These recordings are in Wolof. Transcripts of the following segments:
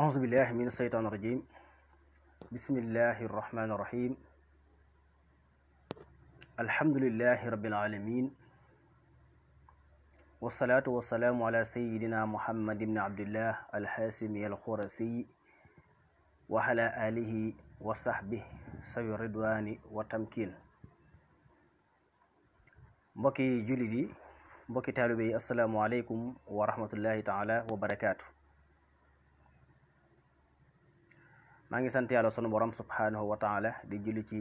أعوذ بالله من الشيطان الرجيم بسم الله الرحمن الرحيم الحمد لله رب العالمين والصلاة والسلام على سيدنا محمد بن عبد الله الحاسمي الخرسي وعلى آله وصحبه سوي الرضوان والتمكين بكي جلدي بكي تالبي السلام عليكم ورحمة الله تعالى وبركاته maa ngi sant yàlla sunu borom subhaanahu wa taala di julli ci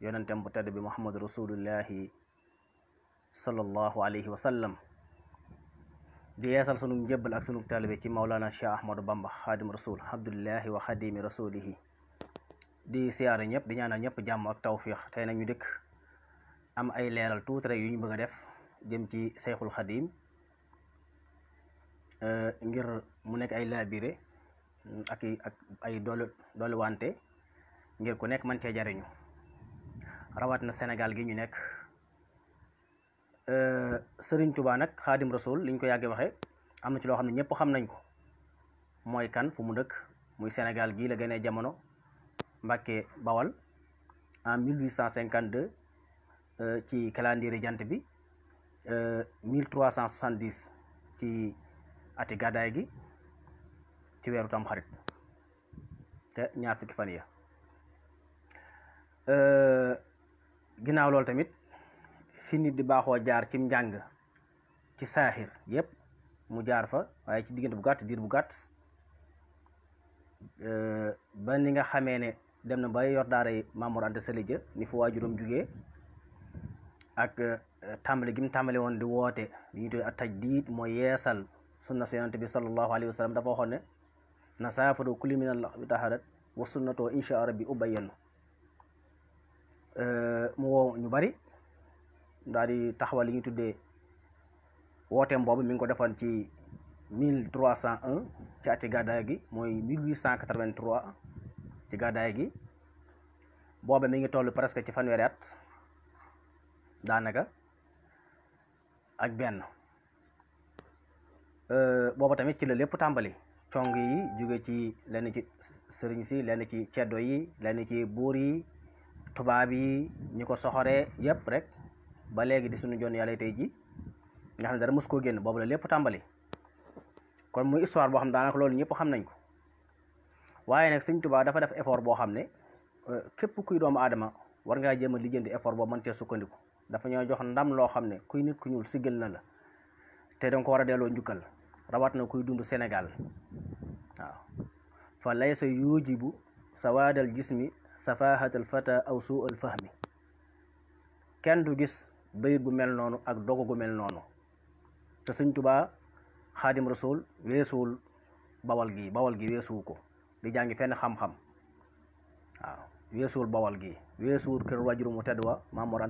yonentem bu tedd bi muhammad rasulullahi sallallahu alayhi wa sallam di yeesal sunu njëbbal ak sunu taalibe ci maulana cheikh ahmadou bamba xaadim rasul abdullahi wa xadimi rasulihi di siyaare ñëpp di ñaanal ñëpp jàmm ak tawfiix tey ñu dëkk am ay leeral tuuti rek yu ñu bëgg a def jëm ci seyxul xadim eh, ngir mu nekk ay laabire ak i ak ay doole doole wante ngir ku nekk mën cee jariñu rawat na Sénégal gi ñu nekk Sëriñ tubaa nag xaadim rasul li liñ ko yàggee waxee am na ci loo xam ne ñëpp xam nañ ko mooy kan fu mu dëkk muy Sénégal gii la gënee jamono Mbàkke Bawal en 1852 ci calendrier jant bi 1370 ci ati gàddaay gi ci wéru tam xarit té ñaar fukki fan ya ginaaw loolu tamit fi nit di baxo jaar ci njàng ci sahir yépp mu jaar fa waye ci diggante bu gatt dir bu gàtt ban ni nga xamé né dem na ba yor daara yi Mamour ante Sali ni fu wajurum jugee ak e, tambali gi mu tàmbali woon di woote li ñu tuddee at tajdiid yeesal sunna su bi sallallahu alayhi wasallam dafa waxoon nasafatu kulli min allah bi taharat wa sunnatoo insha rabbi ubayyan mu woo ñu bari daal di taxawal li tuddee wooteem boobu mi ngi ko defoon ci mille trois cent un ci ati gi mooy mille huit cent quatre ci gàddaay gi booba mi ngi toll presque ci fanweeri at daanaka ak benn booba tamit ci la lépp tàmbali cong yi jóge ci lenn ci sëriñ si lenn ci ceddo yi lenn ci buur yi tubaab yi ñu ko soxoree yëpp rek ba léegi di suñu joon yàlla tey ji nga xam ne dara mos koo génn boobu la lépp tàmbali kon muy histoire boo xam ne loolu ñëpp xam nañ ko waaye nag sëñ Tuubaa dafa def effort boo xam ne euh, képp kuy doomu aadama war ngaa jéem a lijjanti effort boo mën cee sukkandiku dafa ñoo jox ndam loo xam ne kuy nit ku ñuul siggal na la te danga ko war a delloo njukkal rawat na kuy dund Sénégal waaw fa laysa yujibu sawaadal jismi safahatal fata aw suu al fahmi kenn du gis bayit bu mel noonu ak dogu gu mel noonu te Sëñ Tuubaa xaadim rasul weesuwul bawal gi bawal gi weesuwu ko di jàngi fenn xam-xam waaw weesuwul bawal gi weesuwul kër wajuru mu tedd wa Maam Mor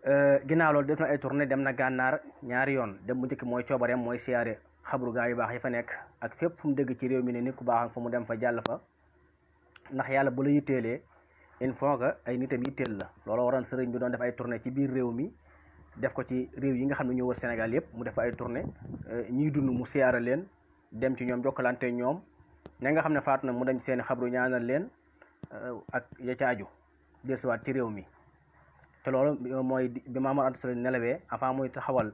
Eh, ginnaaw loolu def na ay tournée dem na gànnaar ñaari yoon dem mu njëkk mooy coobareem mooy siyaare xabru gaa yu baax yi fa nekk ak fépp fu mu dégg ci réew mi ne nit ku baax fa mu dem fa jàll fa ndax yàlla bu la yitteelee il faut que ay nitam yitteel la loolu waroon sëriñ bi doon def ay tournée ci biir réew mi def ko ci réew yi nga xam ne ñoo wër Sénégal yëpp mu def ay tournée eh, ñiy dund mu leen dem ci ñoom jokkalante ñoom ña nga xam ne faatu na mu dem ci seen xabru ñaanal leen eh, ak ya ca aju ci réew mi te loolu mooy bi Maam Mor Anta Sali nelawee avant muy taxawal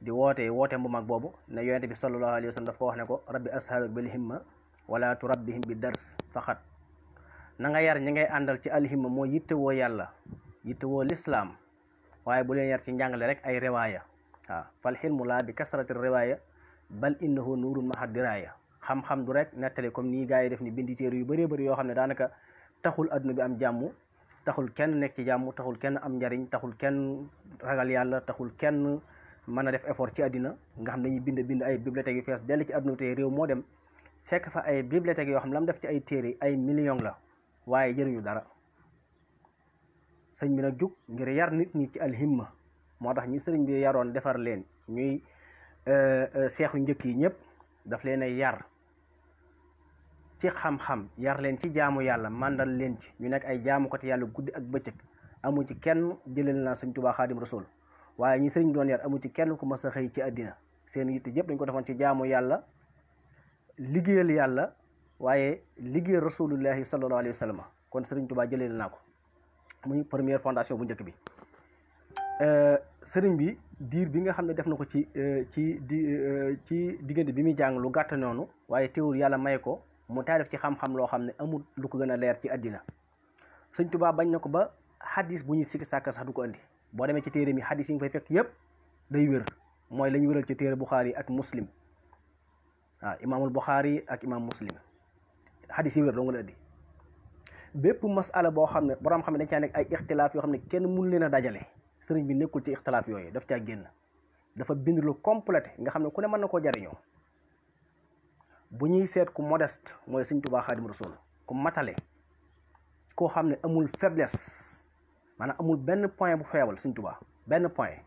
di woote wooteem bu mag boobu ne yonente bi sallallahu alayhi wa sallam daf ko wax ne ko rabbi ashaabak bil himma wala turabbihim bi dars faqat na nga yar ñi ngay àndal ci alhimma moo yittewoo yàlla yittewoo lislaam waaye bu leen yar ci njàngale rek ay riwaaya waaw fal xilmu laa bi kasrati riwaaya bal innahu nuurun mahad diraaya xam-xam du rek nettali kom nii gars yi def ni bindi téere yu bëree bëri yoo xam ne daanaka taxul adduna am jàmm taxul kenn nekk ci jàmm taxul kenn am njariñ taxul kenn ragal yàlla taxul kenn mën a def effort ci àddina nga xam dañuy bind bind ay bibliothèques yu fees dell ci àdduna tey réew moo dem fekk fa ay bibliothèques yoo xam lam def ci ay téere ay millions la waaye jëriñu dara sëñ bi nag jug ngir yar nit ñi ci ma moo tax ñi sëriñ bi yaroon defar leen ñuy euh, euh, seexu njëkk yi ñëpp daf leen a yar ci xam-xam yar leen ci jaamu yàlla màndal leen ci ñu nekk ay jaamu jaamukati yàlla guddi ak bëccëg amu ci kenn jëlal naa sëñ Tuubaa Xaadim Rasuul waaye ñi sëriñ doon yar amu ci kenn ku mas a xëy ci àddina seen yitte yëpp dañ ko defoon ci jaamu yàlla liggéeyal yàlla waaye liggéeyal rasulullahi sallallahu alayhi wa sallam kon sëriñ tubaa jëlal naa ko muy première fondation bu njëkk bi sëriñ bi diir bi nga xam ne def na ko ci ci di ci diggante bi muy jàng lu gàtt noonu waaye teewul yàlla may ko mu taalif ci xam-xam loo xam ne amul lu ko gën a leer ci àddina sëñ tubaab bañ na ko ba xadis bu ñuy sikki sàkk sax du ko andi boo demee ci téere mi xadis yi nga fay fekk yépp day wér mooy la ñu wéral ci téere Buxaari ak Muslim waaw imaamul Buxaari ak imaam Muslim xadis yi wér doo nga la andi bépp masala boo xam ne borom xam ne dañ caa nekk ay ixtilaaf yoo xam ne kenn mun leen a dajale sëriñ bi nekkul ci ixtilaaf yooyu daf caa génn dafa bind lu complété nga xam ne ku ne mën na koo jariñoo bu ñuy seet ku modest mooy sëñ Tuubaa Xaadimu Rasuul ku matale koo xam ne amul faiblesse maanaam amul benn point bu faible sëñ Tuubaa benn point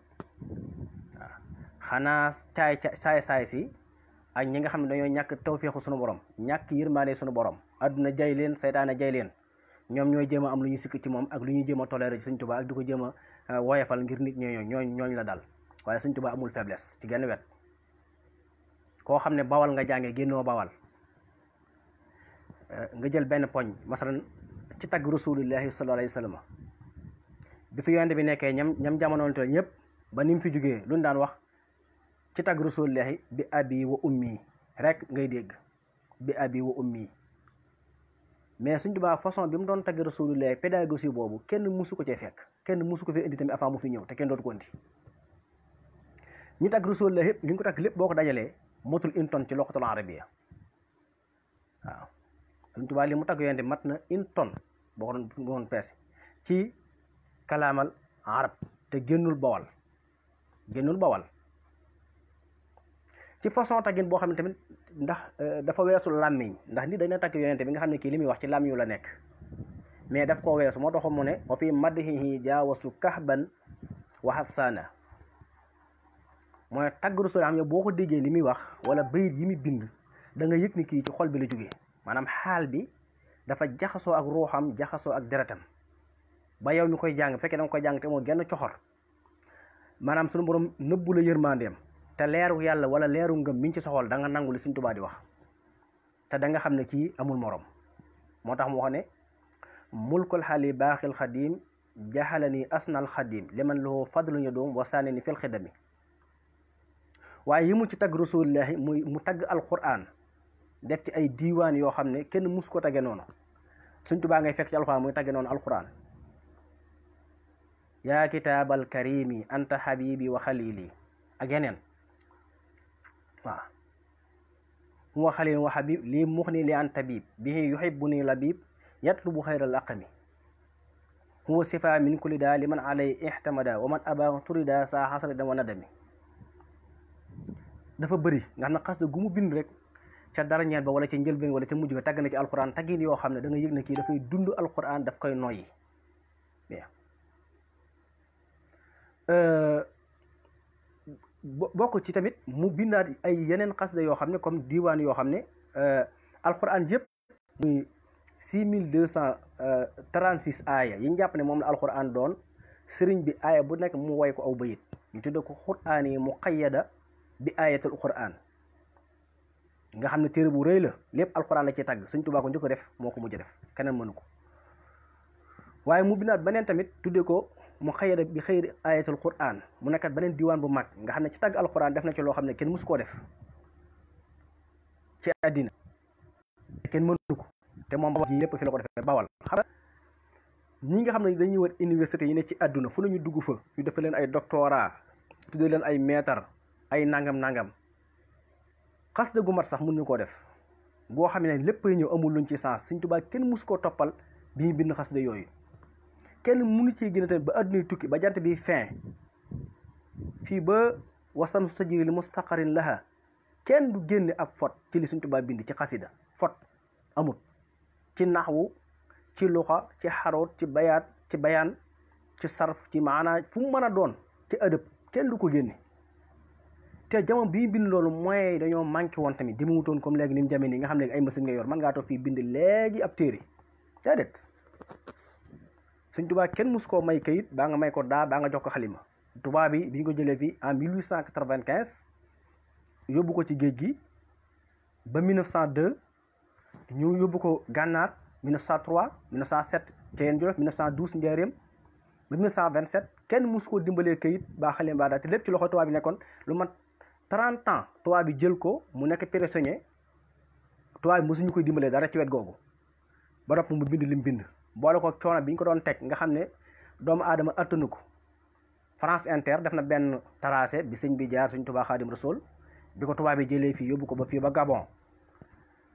xanaa caay caay saay si ak ñi nga xam ne dañoo ñàkk tawféexu sunu borom ñàkk yërmaande suñu borom adduna jay leen seytaane jay leen ñoom ñooy jéem am lu ñu sikk ci moom ak lu ñuy jéem a toléré ci sëñ Tuubaa ak di ko jéem a euh, woyefal ngir nit ñooñu ñooñu la dal waaye sëñ Tuubaa amul faiblesse ci genn wet koo xam ne bawal nga jànge génnoo bawal eh, nga jël benn poñ masalan ci tagg rasulillahi sallallahu alayhi wa sallam bi fi yonent bi nekkee ñam ñam jamonoonte ñëpp ba ni mu fi jógee lu ñu daan wax ci tagg rasulillahi bi abi wa ummi rek ngay dégg bi abi wa ummi mais suñ tubaa façon bi mu doon tagg rasulillahi pédagogie boobu kenn musu ko cee fekk kenn musu ko fi indi tamit avant mu fi ñëw te kenn dootu ko indi ñi tagg rasulillahi yëpp li ñu ko tagg lépp boo ko dajalee motul une tonne ci loxatul arabia waaw Sëriñ Tuubaa li mu tagg yonent mat na une tonne boo ko doon peese ci kalaamal arab te génnul bawal génnul bawal ci façon taggin boo xam ne tamit ndax euh, dafa weesu làmmiñ ndax nit dana tagg yonent bi nga xam ne kii li muy wax ci làmmiñu la nekk mais daf koo weesu moo taxoon mu ne wa fi madhihi jaawasu kahban wa mooy tagg rasul am yow boo ko déggee li muy wax wala bayit yi muy bind da nga yëg ni kii ci xol bi la jógee maanaam xaal bi dafa jaxasoo ak ruuxam jaxasoo ak deretam ba yow mi koy jàng bu fekkee da koy jàng te moo genn coxor maanaam sunu borom nëbbu la yërmandeem te leeru yàlla wala leeru ngëm mi ci sa xol da nga nangu li Sëñ Tuubaa di wax te danga xam ne kii amul moroom moo tax mu wax ne mulkul xali baaxil xadim jaxalani asnal xadim liman lahu fadlun yadum wasaani ni fil xidami waaye yi mu ci tagg rasulillahi muy mu tagg alquran def ci ay diwaan yoo xam ne kenn mus ko tagge noonu Sëñ Tuubaa ngay fekk ci alquran muy tagge noonu alquran yaa kitaabal karimi anta habibi wa xalili ak yeneen waaw mu wa xalil wa habib lii mux ni li an tabib bihi yuhibu ni labib yatlubu xayral aqami huwa sifa min kulli liman alay ihtamada wa man aba turida saa xasrida wa nadami dafa bari nga na xass gu mu bind rek ca dara ñaan ba wala ca njëlbeen wala ca mujju ba tag na ci alquran tagin yo xamne da nga na ki da fay dund alquran daf koy noyyi euh bokku ci tamit mu bindat ay yenen xass yoo xam ne comme diwan yo xamne euh alquran yëpp muy 6236 aya yi ñapp ne mom la alquran doon serigne bi aya bu nek mu way ko aw bayit ñu tudde ko qur'ani muqayyada bi ayatul quran nga xam ne téere bu rëy la lépp alquran la ci tàgg sëñ Tuubaa ko njëkk def moo ko mujj def keneen mënu ko waaye mu binaat beneen tamit tuddee ko mu xëyada bi xëyri ayatul quran mu nekkat beneen diwaan bu mag nga xam ne ci tàgg alquran def na ci loo xam ne kenn mësu àddina kenn mënu ko te moom ji lépp fi la ko defee bawal xam ñi nga xam ne dañuy wër université yi ne ci àdduna fu nañu dugg fa ñu defal leen ay doctorat tuddee leen ay maître ay nangam nangam khas de gumar sax mën ñu def bo xamné lepp ñu amul luñ ci sens seigne touba kenn musu ko topal bi ñu bind xas de yoy kenn munu ci gëna tan ba aduna tukki ba jant bi fin fi ba wasan su mustaqarin laha kenn du genn ak fot ci li seigne touba bind ci khasida fot amut ci nahwu ci luxa ci harot ci bayat ci bayan ci sarf ci maana fu mëna doon ci adab kenn du ko genné te jamon bi bind lolu moy yi manki won tamit dimu wuton comme léegi nim mu ni nga xam ne ay machine nga yor man nga to fi bind léegi ab téré déedéet sëñ tubaa kenn mus may kayit ba nga may ko da ba nga jox ko khalima touba bi biñ ko jëlé fi en 1895 yobuko ci géej gi ba 1902 ñu yobuko ko 1903 1907 Ceyeen Jolof 1912 Njaaréem ba 1927 kenn Musko dimbalé kayit ba xalima ba da té lepp ci loxo touba bi nekkon lu mat 30 ans toa bi jël ko mu nek prisonnier tubaab bi musuñu koy dimbalé dara ci wet gogou ba nopp mu bind lim bind boole ko coono bi ñu ko doon tek nga xamné ne adama aadama France Inter def na ben tracé bi señ bi jaar señ Touba Khadim Rasoul bi ko bi jëlé fi yobuko ba fi ba Gabon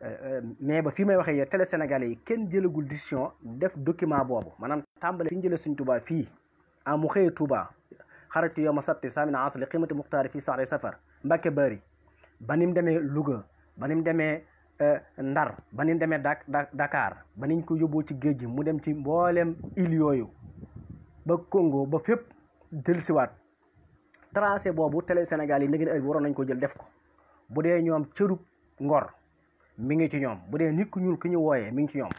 euh, euh, mais ba fi may waxee télé sénégalais yi jëlagul décision def document bobu manan tambalé fi ñu jëlee suñ fi amu xey Touba xaratu yow sabti asli qimati muxtaari fi saxri safar Mbacke Bari ba ni mu demee Louga ba ni mu demee euh, Ndar ba nu mu demee Dak Dakar ba niñ ko yóbboo ci géej gi mu dem ci mbooleem île yooyu ba Congo ba fépp dellusiwaat tracé boobu télé Sénégal yi ngeen heure waroon nañ ko jël def ko bu dee ñoom cërub ngor mi ngi ci ñoom bu dee nit ku ñuul ki ñu wooyee mi ngi ci ñoom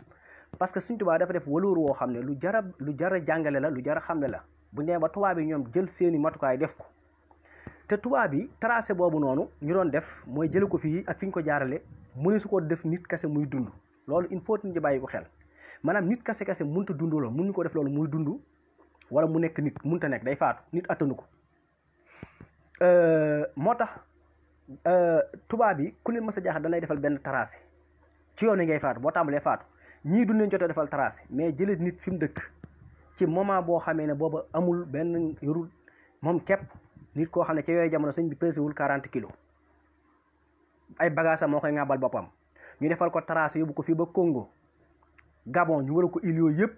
parce que suñ tubaab dafa def wëluur woo xam ne lu jara lu jara jàngale la lu jara xamle la bu nee ba tubaab yi ñoom jël seeni matukaay def ko te tubaab bi tracé boobu noonu ñu doon def mooy jële ko fii ak fi ñu ko jaarale mu ne su ko def nit kase muy dund loolu il faut ñu bàyyi ko xel maanaam nit kase kase mënut a dund loolu ko def muy dund wala mu nekk nit mënut a nekk day faatu nit attanu ko euh, moo tax euh, tubaab bi ku leen mës a jaaxal dañ defal benn tracé ci yoon wi ngay faatu boo tàmbalee faatu ñii duñ leen jotee defal tracé mais jële nit fi mu dëkk ci moment boo xamee ne booba amul benn yorul moom képp. nit koo xam ne ca yooyu jamono sëñ bi pesewul quarante kilo ay bagages moo koy ŋàbbal boppam ñu defal ko tracé yóbbu ko fii ba Congo Gabon ñu war ko il yooyu yëpp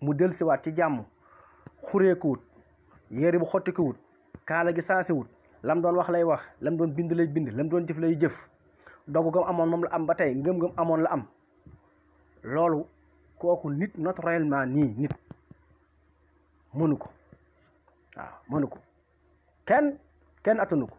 mu del siwaat ci jàmm xureekuwut yére bu xottikuwut kaala gi sansiwut lam doon wax lay wax lam doon bind lay bind lam doon jëf lay jëf dogu gam amoon moom la am ba tey ngëm-ngëm amoon la am loolu kooku nit naturellement nii nit mënu ko waaw mënu ko kenn kenn attanu ko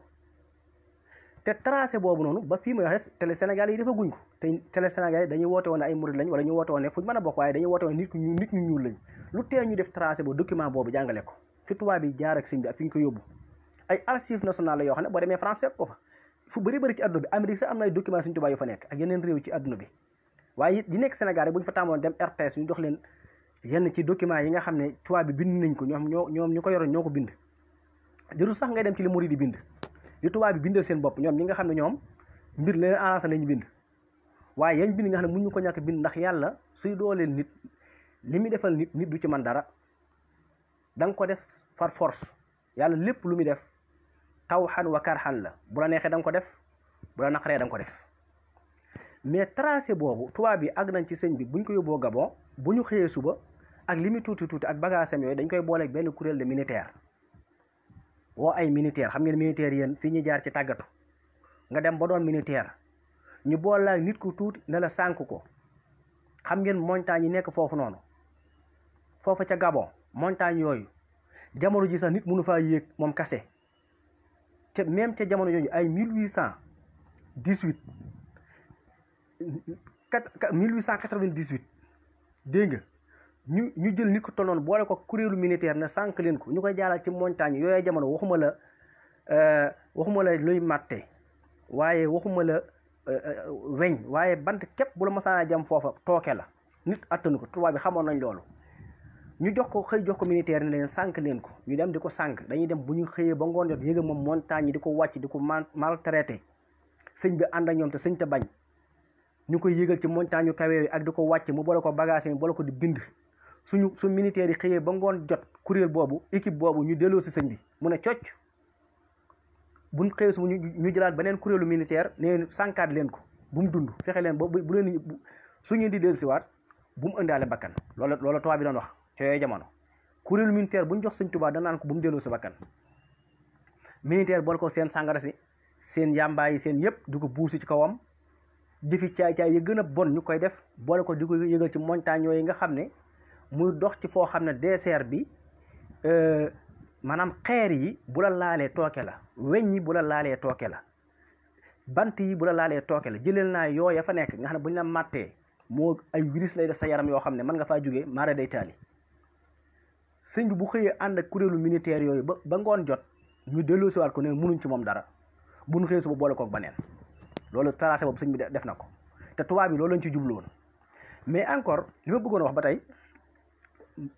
te tracé boobu noonu ba fii may waxee télé Sénégal yi dafa guñ ko te télé Sénégal yi dañuy woote woon ne ay murid lañ wala ñu woote woon ne fu ñu a bokk waaye dañuy woote woon ñu nit ñu ñuul lañ lu tee ñu def tracé boobu document boobu jàngale ko fi tubaab jaar ak sëñ bi fi yóbbu ay archives nationales la yoo xam ne boo demee France fekk ko fa fu bëri bëri ci yeneen réew ci adduna bi waaye it di nekk Sénégal fa tàmmoon dem RTS ñu jox leen yenn ci document yi nga xam ne tubaab bi bind nañ ko ñoom ñoo ñoom ñu ko yoroon ñoo ko bind jërul sax ngay dem ci li murid di bind li tubaab bi bindal seen bopp ñoom ñi nga xam ne ñoom mbir la leen arrangé lañu bind waaye yañ bind nga xam ne ñu ko ñàkk bind ndax yàlla suy dooleel nit li muy defal nit nit du ci man dara danga ko def par force yàlla lépp lu muy def taw xan wa kar xan la bu la neexee da nga ko def bu la naqaree da nga ko def mais tracé boobu tubaab bi àgg nañ ci sëñ bi buñ ko yóbboo Gabon bu ñu xëyee suba ak li muy tuuti tuuti ak bagaasam yooyu dañ koy booleeg benn kuréel de militaire woo ay militaire xam ngeen militaire yéen fii ñu jaar ci tàggatu nga dem ba doon militaire ñu boolaay nit ku tuuti ne la sànk ko xam ngeen montagne yi nekk foofu noonu foofu ca Gabon montagne yooyu jamono ji sax nit mënu faa yéeg moom kase te même ca jamono yooyu ay mille huit cent dix-huit mille huit cent quatre vingt dix ñu ñu jël ni ko tolloon boole ko kuréelu militaire na sànq leen ko ñu koy jaaral ci montagne yooyu jamono waxuma la euh, waxuma la luy màtte waaye waxuma la euh, euh, weñ waaye bant képp bu la masaana jam foofa tooke la nit attanu ko tubaab bi xamoon nañ loolu ñu jox ko xëy jox ko militaire ne leen sànq leen ko ñu dem di ko sànq dañuy dem bu ñu xëyee ba ngoon jot moom montagne yi di ko wàcc di ko maltraité sëñ bi ànd ak ñoom te sëñ te bañ ñu koy yégal ci montagne yu kawe ak di ko wàcc mu boole ko bagage mi boole ko di bind suñu su militaires yi xëyee ba ngoon jot kuréel boobu équipe boobu ñu delloo si sëñ bi mu ne bu buñ xëyee su ñu ñu jëlaat beneen kuréelu militaire nee sànkaat leen ko bu mu dund fexe leen ba bu leen su ñu di dellu siwaat bu mu ëndaale bakkan loola loola tubaab bi doon wax ca yooyu jamono kuréelu militaire bu ñu jox sëñ Tuubaa naan ko bu mu delloo si bakkan militaire bool ko seen sàngara si seen yàmbaay yi seen yëpp di ko buusi ci kawam jëfi caay-caay yi gën a bon ñu koy def boole ko di ko yëgal ci montagne yooyu nga xam ne muy dox ci foo xam ne désert bi euh, maanaam xeer yi bu la laalee tooke la weñ yi bu la laalee tooke la bant yi bu la laalee tooke la jëleel naa a fa nekk nga xam ne bu ñu la màttee moo ay virus lay def sa yaram yoo xam ne mën nga faa jógee mara day taali sëñ bi bu xëyee ànd ak kuréelu militaire yooyu ba ba ngoon jot ñu si delloosiwaat ko ne mënuñ ci moom dara bu ñu xëyee suba boole ba neen loolu tracé boobu sëñ bi def na ko te tubaab yi loolu lañ ci jublu woon mais encore li bëggoon wax ba tey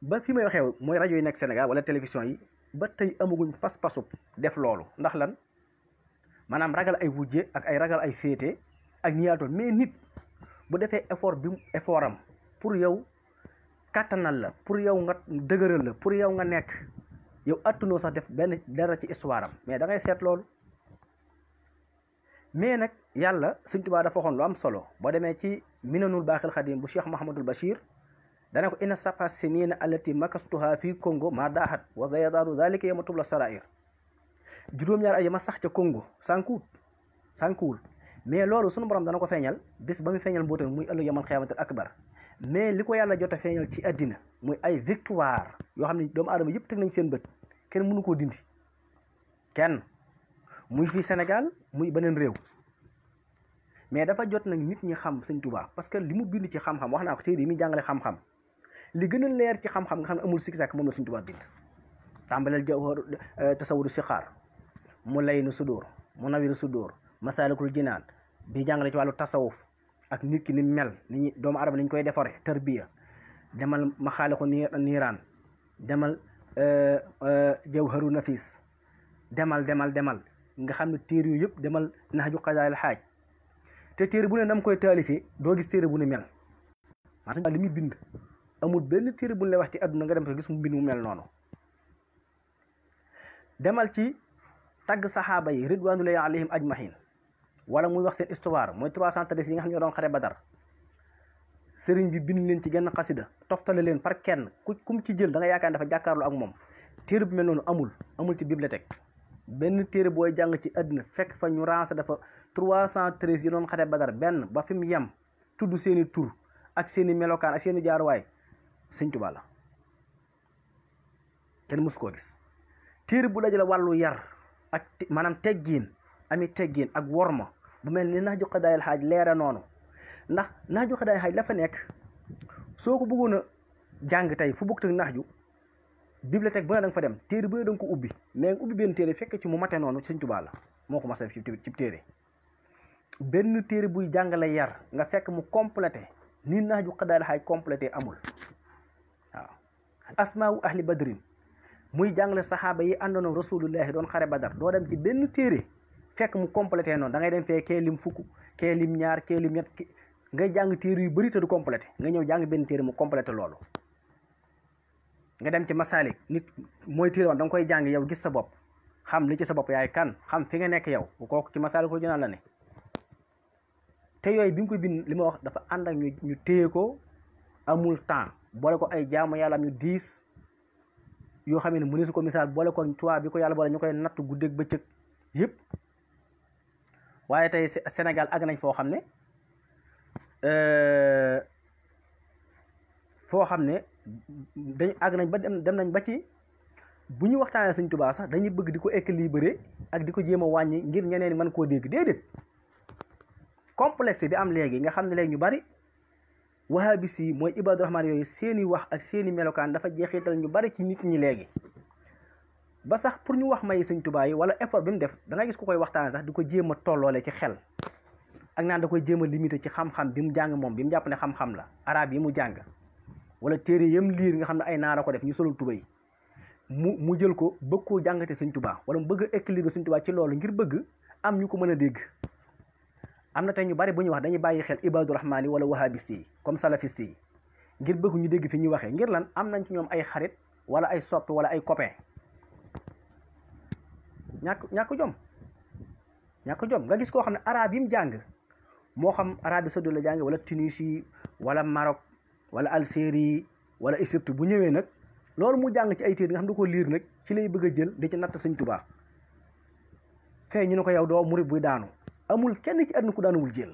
ba fi may waxee mooy rajo yi nekk Sénégal wala télévision yi ba tey amaguñ pas-pasub def loolu ndax lan maanaam ragal ay wujje ak ay ragal ay féete ak ñiyaatoon mais nit bu defee effort bi effort am pour yow kàttanal la pour yow nga dëgëral la pour yow nga nekk yow attunoo sax def benn dara ci histoire mais da seet loolu mais nag yàlla Sëñ Tuubaa dafa waxoon lu am solo boo demee ci minanul baaxil xadim bu Cheikh Mahamadul Bachir dana ko ina sapa sinina allati makastuha fi kongo ma dahat wa zayadaru zalika yawma la sarair juróom ñaar ay ma sax ca kongo sankul sankul mais lolu sunu borom dana ko bis bami feñal feeñal muy allu yamal xiyamatul akbar mais liko yalla jotta feñal ci adina muy ay victoire yo xamni doom doomu yep tek nañ seen beut ken munu ko dindi ken muy fi senegal muy benen rew mais dafa jot nag nit ñi xam seigne touba parce que limu bind ci xam-xam waxna ko jangale xam-xam li gën a leer ci xam-xam nga xam ne amul sikki sàkk moom la suñ tubaab bind tàmbaleel jawharu eh, tasawuru sixaar mu lay nu sudóor mu nawi nu sudóor masaalikul jinaan bi jàngale ci wàllu tasawuf ak nit ki ni mel ni ñu doomu adama ni ñu koy defare tarbiya demal maxaaliqu niiraan demal eh, eh, jawharu nafis demal demal demal nga xam ne téere yu yëpp demal naxju xasaayil xaaj te téere bu ne nam koy taalifee doo gis téere bu ne mel maanaam li muy bind amul benn téere bu ñu wax ci àdduna nga dem fa gis mu mbind mu mel noonu demal ci tagg saxaaba yi ridwanullahi alayhim ajmahin wala muy wax seen histoire mooy trois cent treize yi nga xam ne ñoo doon xare badar sëriñ bi bind leen ci genn xasida toftale leen par kenn ku kum ci jël da nga yaakaar dafa jàkkaarloo ak moom téere bu mel noonu amul amul ci bibliothèque benn téere booy jàng ci àdduna fekk fa ñu rancé dafa trois cent treize yi doon xare badar benn ba fi mu yem tudd seeni tur ak seeni melokaan ak seeni jaaruwaay sëñ Tuubaa kenn mësu koo gis téere bu la wàllu yar ak maanaam teggiin ami teggiin ak worma bu mel ni nax ju xadaayal xaaj leera noonu ndax nax ju xadaayal xaaj la fa nekk soo ko bëggoon a jàng tey fu bukk teg nax ju bibliothèque bu ne da fa dem téere bu ne ko ubbi mais nga ubbi benn téere fekk ci mu mate noonu sëñ Tuubaa moo ko mas a def ci téere benn téere buy jàngale yar nga fekk mu complété nii nax ju xadaayal xaaj complété amul asmau ahli badrin muy jàngale saxaaba yi àndoona rasulullahi doon xare badar doo dem ci benn téere fekk mu complété noonu da ngay dem fee ke lim fukk kee lim ñaar kee lim ñett ngay jàng téere yu bëri te du complété nga ñëw jàng benn téere mu complété loolu nga dem ci masalik nit mooy téere woon da nga koy jàng yow gis sa bopp xam li ci sa bopp yaay kan xam fi nga nekk yow kooku ci masalik ko jënaan la ne te yooyu bi mu koy bind li ma wax dafa ànd ak ñu téye ko amul temps boole ko ay jaamu yàlla ñu diis yoo xam ne mu ne su ko misaal boole ko tubaab bi ko yàlla boole ñu koy natt guddeeg bëccëg yëpp waaye tey Sénégal àgg nañ foo xam ne euh, foo xam ne dañ àgg nañ ba dem nañ ba ci bu ñu waxtaanee suñ tubaa sax dañuy bëgg di ko équilibrer ak di ko jéem a wàññi ngir ñeneen mën koo dégg déedéet complexe bi am léegi nga xam ne léegi ñu bari wahabis yi mooy ibaadu rahmaan yooyu seeni wax ak seeni melokaan dafa jeexital ñu bari ci nit ñi léegi ba sax pour ñu wax may sëñ Tuubaa yi wala effort bi mu def da gis ku koy waxtaane sax di ko jéem a tolloole ci xel ak naan da koy jéem a limité ci xam-xam bi mu jàng moom bi mu jàpp ne xam-xam la arab yi mu jàng wala téere yam liir nga xam ne ay a ko def ñu solul tubay mu mu jël ko bëgg koo jàngate sëñ Tuubaa wala mu bëgg a équilibre sëñ Tuubaa ci loolu ngir bëgg am ñu ko mën a dégg am na tey ñu bari bu ñu wax dañu bàyyi xel ibadu rahmaan yi wala wahabiste yi comme salafiste yi ngir bëgg ñu dégg fi ñu waxee ngir lan am nañ ci ñoom ay xarit wala ay soppi wala ay copain ñàkk ñàkk jom ñàkk jom nga gis koo xam ne araab yi mu jàng moo xam Arabie Saoudite la jàng wala Tunisie wala Maroc wala Algérie wala Égypte bu ñëwee nag loolu mu jàng ci ay téere nga xam ne ko liir nag ci lay bëgg a jël di ci natt Sëñ tubaa fee ñu ne ko yow doo murit buy daanu amul kenn ci àdduna ku daanuwul jël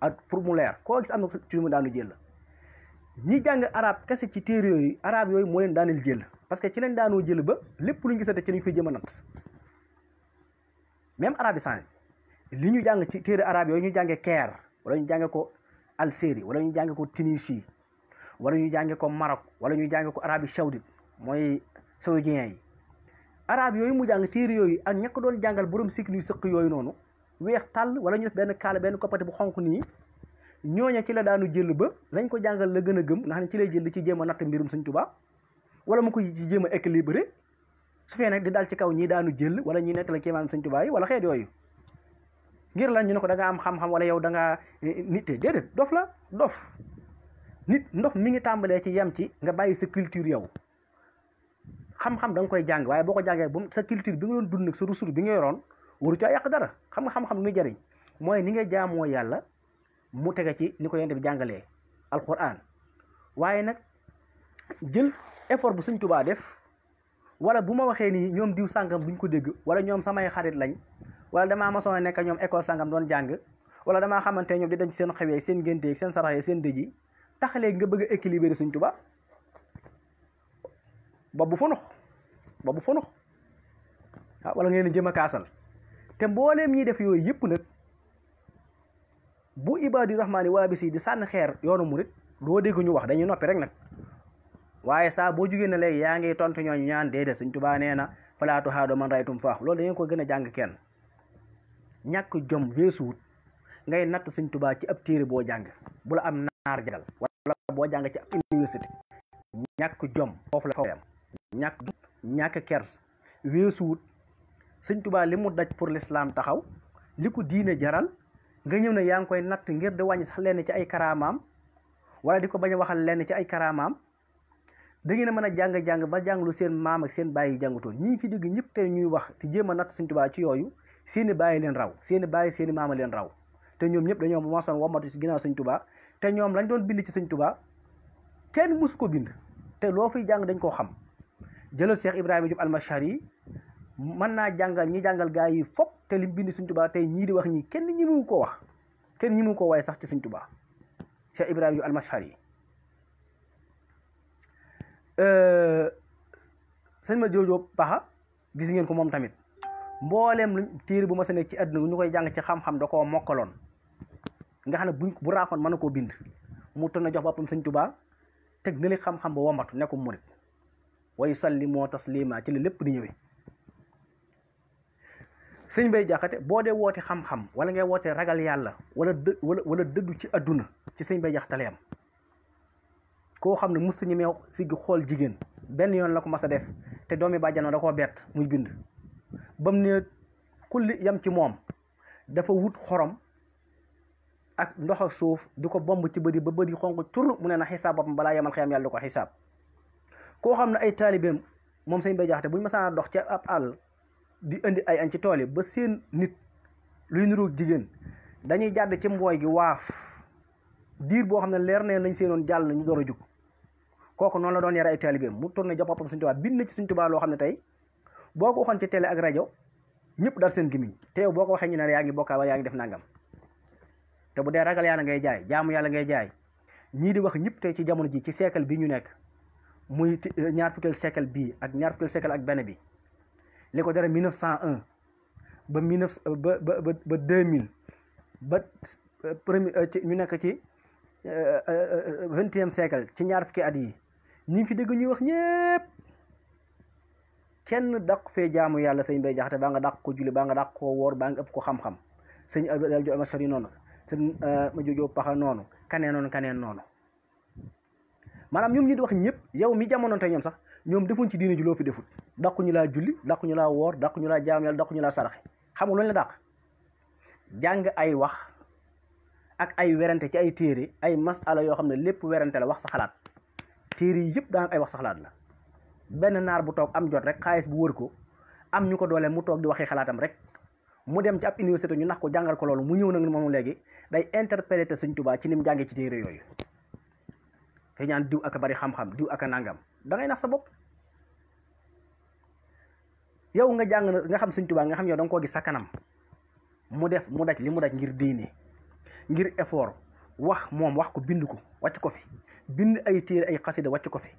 ak pour mu leer koo gis am na ci mu daanu jël ñi jàng arab kese ci téere yooyu arab yooyu moo leen daaneel jël parce que ci leen daanoo jël ba lépp lu ñu gisate ci ñu koy jëm a natt même li ñu jàng ci téere arab yooyu ñu jànge Caire wala ñu jànge ko Algérie wala ñu jànge ko Tunisie wala ñu jànge ko Maroc wala ñu jànge ko Arabie Saoudite mooy saoudiens yi arab yooyu mu jàng téere yooyu ak ña ko doon jàngal borom sikki nuy sëq yooyu noonu weex tàll wala ñu def benn kaala benn koppate bu xonk nii ñooña ci la daanu jël ba lañ ko jàngal la gën a gëm nga xam ne ci lay jël ci jéem a natt mbirum Sëñ Tuubaa wala mu ko ci jéem a équilibré su fee di dal ci kaw ñi daanu jël wala ñi nekk la kéemaan Sëñ Tuubaa yi wala xeet yooyu ngir lan ñu ne ko da nga am xam-xam wala yow da ngaa eh, eh, nite déedéet dof la dof nit ndof mi ngi tàmbalee ci yem ci nga bàyyi sa culture yow xam-xam da nga koy jàng waaye boo ko jàngee bu sa culture bi nga doon dund nag sa ressource bi nga yoroon waru caa yàq dara xam nga xam-xam lu jariñ mooy ni nga jaamoo yàlla mu tege ci ni ko yonent bi jàngalee alquran waaye nag jël effort bu Sëñ Tuubaa def wala bu ma waxee nii ñoom diw sàngam buñ ko dégg wala ñoom samay xarit lañ wala damaa masoon nekk ñoom école sàngam doon jàng wala damaa xamante ñoom di dem ci seen xewee seen ngénte yeeg seen sarax yeeg seen dëj yi tax léegi nga bëgg a équilibrer Sëñ ba bu fonux ba bu fonux ah wala ngeen jëm a kaasal te mbooleem ñiy def yooyu yëpp nag bu ibaadu rahmaani waabisi di sànn xeer yoonu murit doo dégg ñu wax dañuy noppi rek nag waaye saa boo jugee na léegi yaa ngi tontu ñooñu ñaan déedéet Sëñ Tuubaa nee na falaatu haado man raytum faax loolu da ko gën a jàng kenn ñàkk jom weesuwut ngay natt Sëñ Tuubaa ci ab téere boo jàng bu la am naar jagal wala boo jàng ci ab ñàkk jom foofu la fa yam ñàkk kers weesuwut sëñ tubaa li mu daj pour l'islam taxaw li ko diine jaral nga ñëw ne yaa ngi koy natt ngir di wàññi sax lenn ci ay karaamaam wala di ko bañ a waxal lenn ci ay karaamaam da ngeen a mën a jàng-jàng ba jàng lu seen maam ak seen bàyyi jàngutoon ñii fi dégg ñëpp tey ñuy wax te jéem a natt sëñ tubaa ci yooyu seeni bàyyi leen raw seeni bàyyi seeni maama leen raw te ñoom ñëpp dañoo mosoon wamatu ci ginnaaw sëñ tubaa te ñoom lañ doon bind ci sëñ tubaa kenn mosu ko bind te loo fiy jàng dañ koo xam jëlal Cheikh Ibrahima Diop almashar yi mën naa jàngal ñi jàngal gaa yi fop te lim bind Sëñ Tuubaa tey ñii di wax ñi kenn ñi mu ko wax kenn ñi mu ko waaye sax ci Sëñ Tuubaa Cheikh Ibrahima yu almashar yi euh, sëñ ma joojoo paxa gis ngeen ko moom tamit mbooleem lu téere bu ma sa nekk ci àdduna ñu koy jàng ci xam-xam da koo mokkaloon nga xam ne buñ bu raaxoon mën na koo bind mu toll na jox boppam Sëñ Tuubaa teg na li xam-xam ba womatu nekkum murit way salli moo taslima ci la lépp di ñëwee señ bay jaxate bo de woote xam-xam wala ngay wote ragal yalla wala wala wala dëddu ci aduna ci señ bay jax la yam koo xam ne musta ñi meew sigg xol jigen ben yoon la ko massa def te doomi bàjjanoo da ko bet muy bind bam ne kulli yam ci mom dafa wut xorom ak ndox ak suuf diko bomb ci beuri ba beuri xonk cur mu ne na xisaab boppam balaa yemal xiyam yalla ko hisab ko xamne ay talibem mom señ bay jaxate buñu massa dox ci ab di indi ay an ci tool yi ba seen nit luy niroog jigéen dañuy jàdd ci mbooy gi waaf diir boo xam ne leer nañ lañ seenoon jàll na ñu door a jug kooku noonu la doon yare ay taalibeem mu tourné jox boppam suñ tubaa bi na ci suñ loo xam ne tey boo ko waxoon ci ak rajo ñëpp dar seen gémmiñ teew boo ko waxee ñu ne yaa ngi bokkaal wala yaa ngi def nangam te bu dee ragal yàlla ngay jaay jaamu yàlla ngay jaay ñii di wax ñëpp tey ci jamono ji ci siècle bi ñu nekk muy ñaar fukkeel siècle bi ak ñaar fukkeel siècle ak benn bi li ko dara 1901 ba 19 ba ba ba 2000 ba premier euh, ci ñu nekk ci euh, euh, vingtième siècle ci ñaar fukki at yi ñi fi dégg ñuy wax ñëpp kenn dàq fee jaamu yàlla sëñ bay jaxate baa nga dàq ko julli baa nga dàq koo woor baa nga ëpp ko xam-xam sëñ jo ma sori noonu sëñ ma jojo paxa noonu kanee noonu kanee noonu maanaam ñoom ñi di wax ñëpp yow mi jamono te ñoom sax ñom defuñ ci diine ju lo fi deful ñu la julli la wor dakku ñu la jaam dakku ñu la saraxe xam nga la dak jang ay wax ak ay werante ci ay téré ay masala yo xamné lepp la wax sa xalaat téré yépp da ay wax sa xalaat la ben nar bu tok am jot rek xaalis bu wër ko am ñuko doole mu tok di waxee xalaatam rek mu dem ci ab université ñu nax ko jangal ko lolu mu ñew nak mom day interpréter seigne touba ci nim jangé ci téré yoyu te ñaan diw ak bari xam-xam diw ak nangam dangay ngay sa bopp yow nga jàng na nga xam sëñ Tuubaa nga xam yow da nga koo gis sa kanam mu def mu daj li mu daj ngir diine ngir effort wax moom wax ko bind ko wàcc ko fi bind ay téere ay xasida wàcc ko fi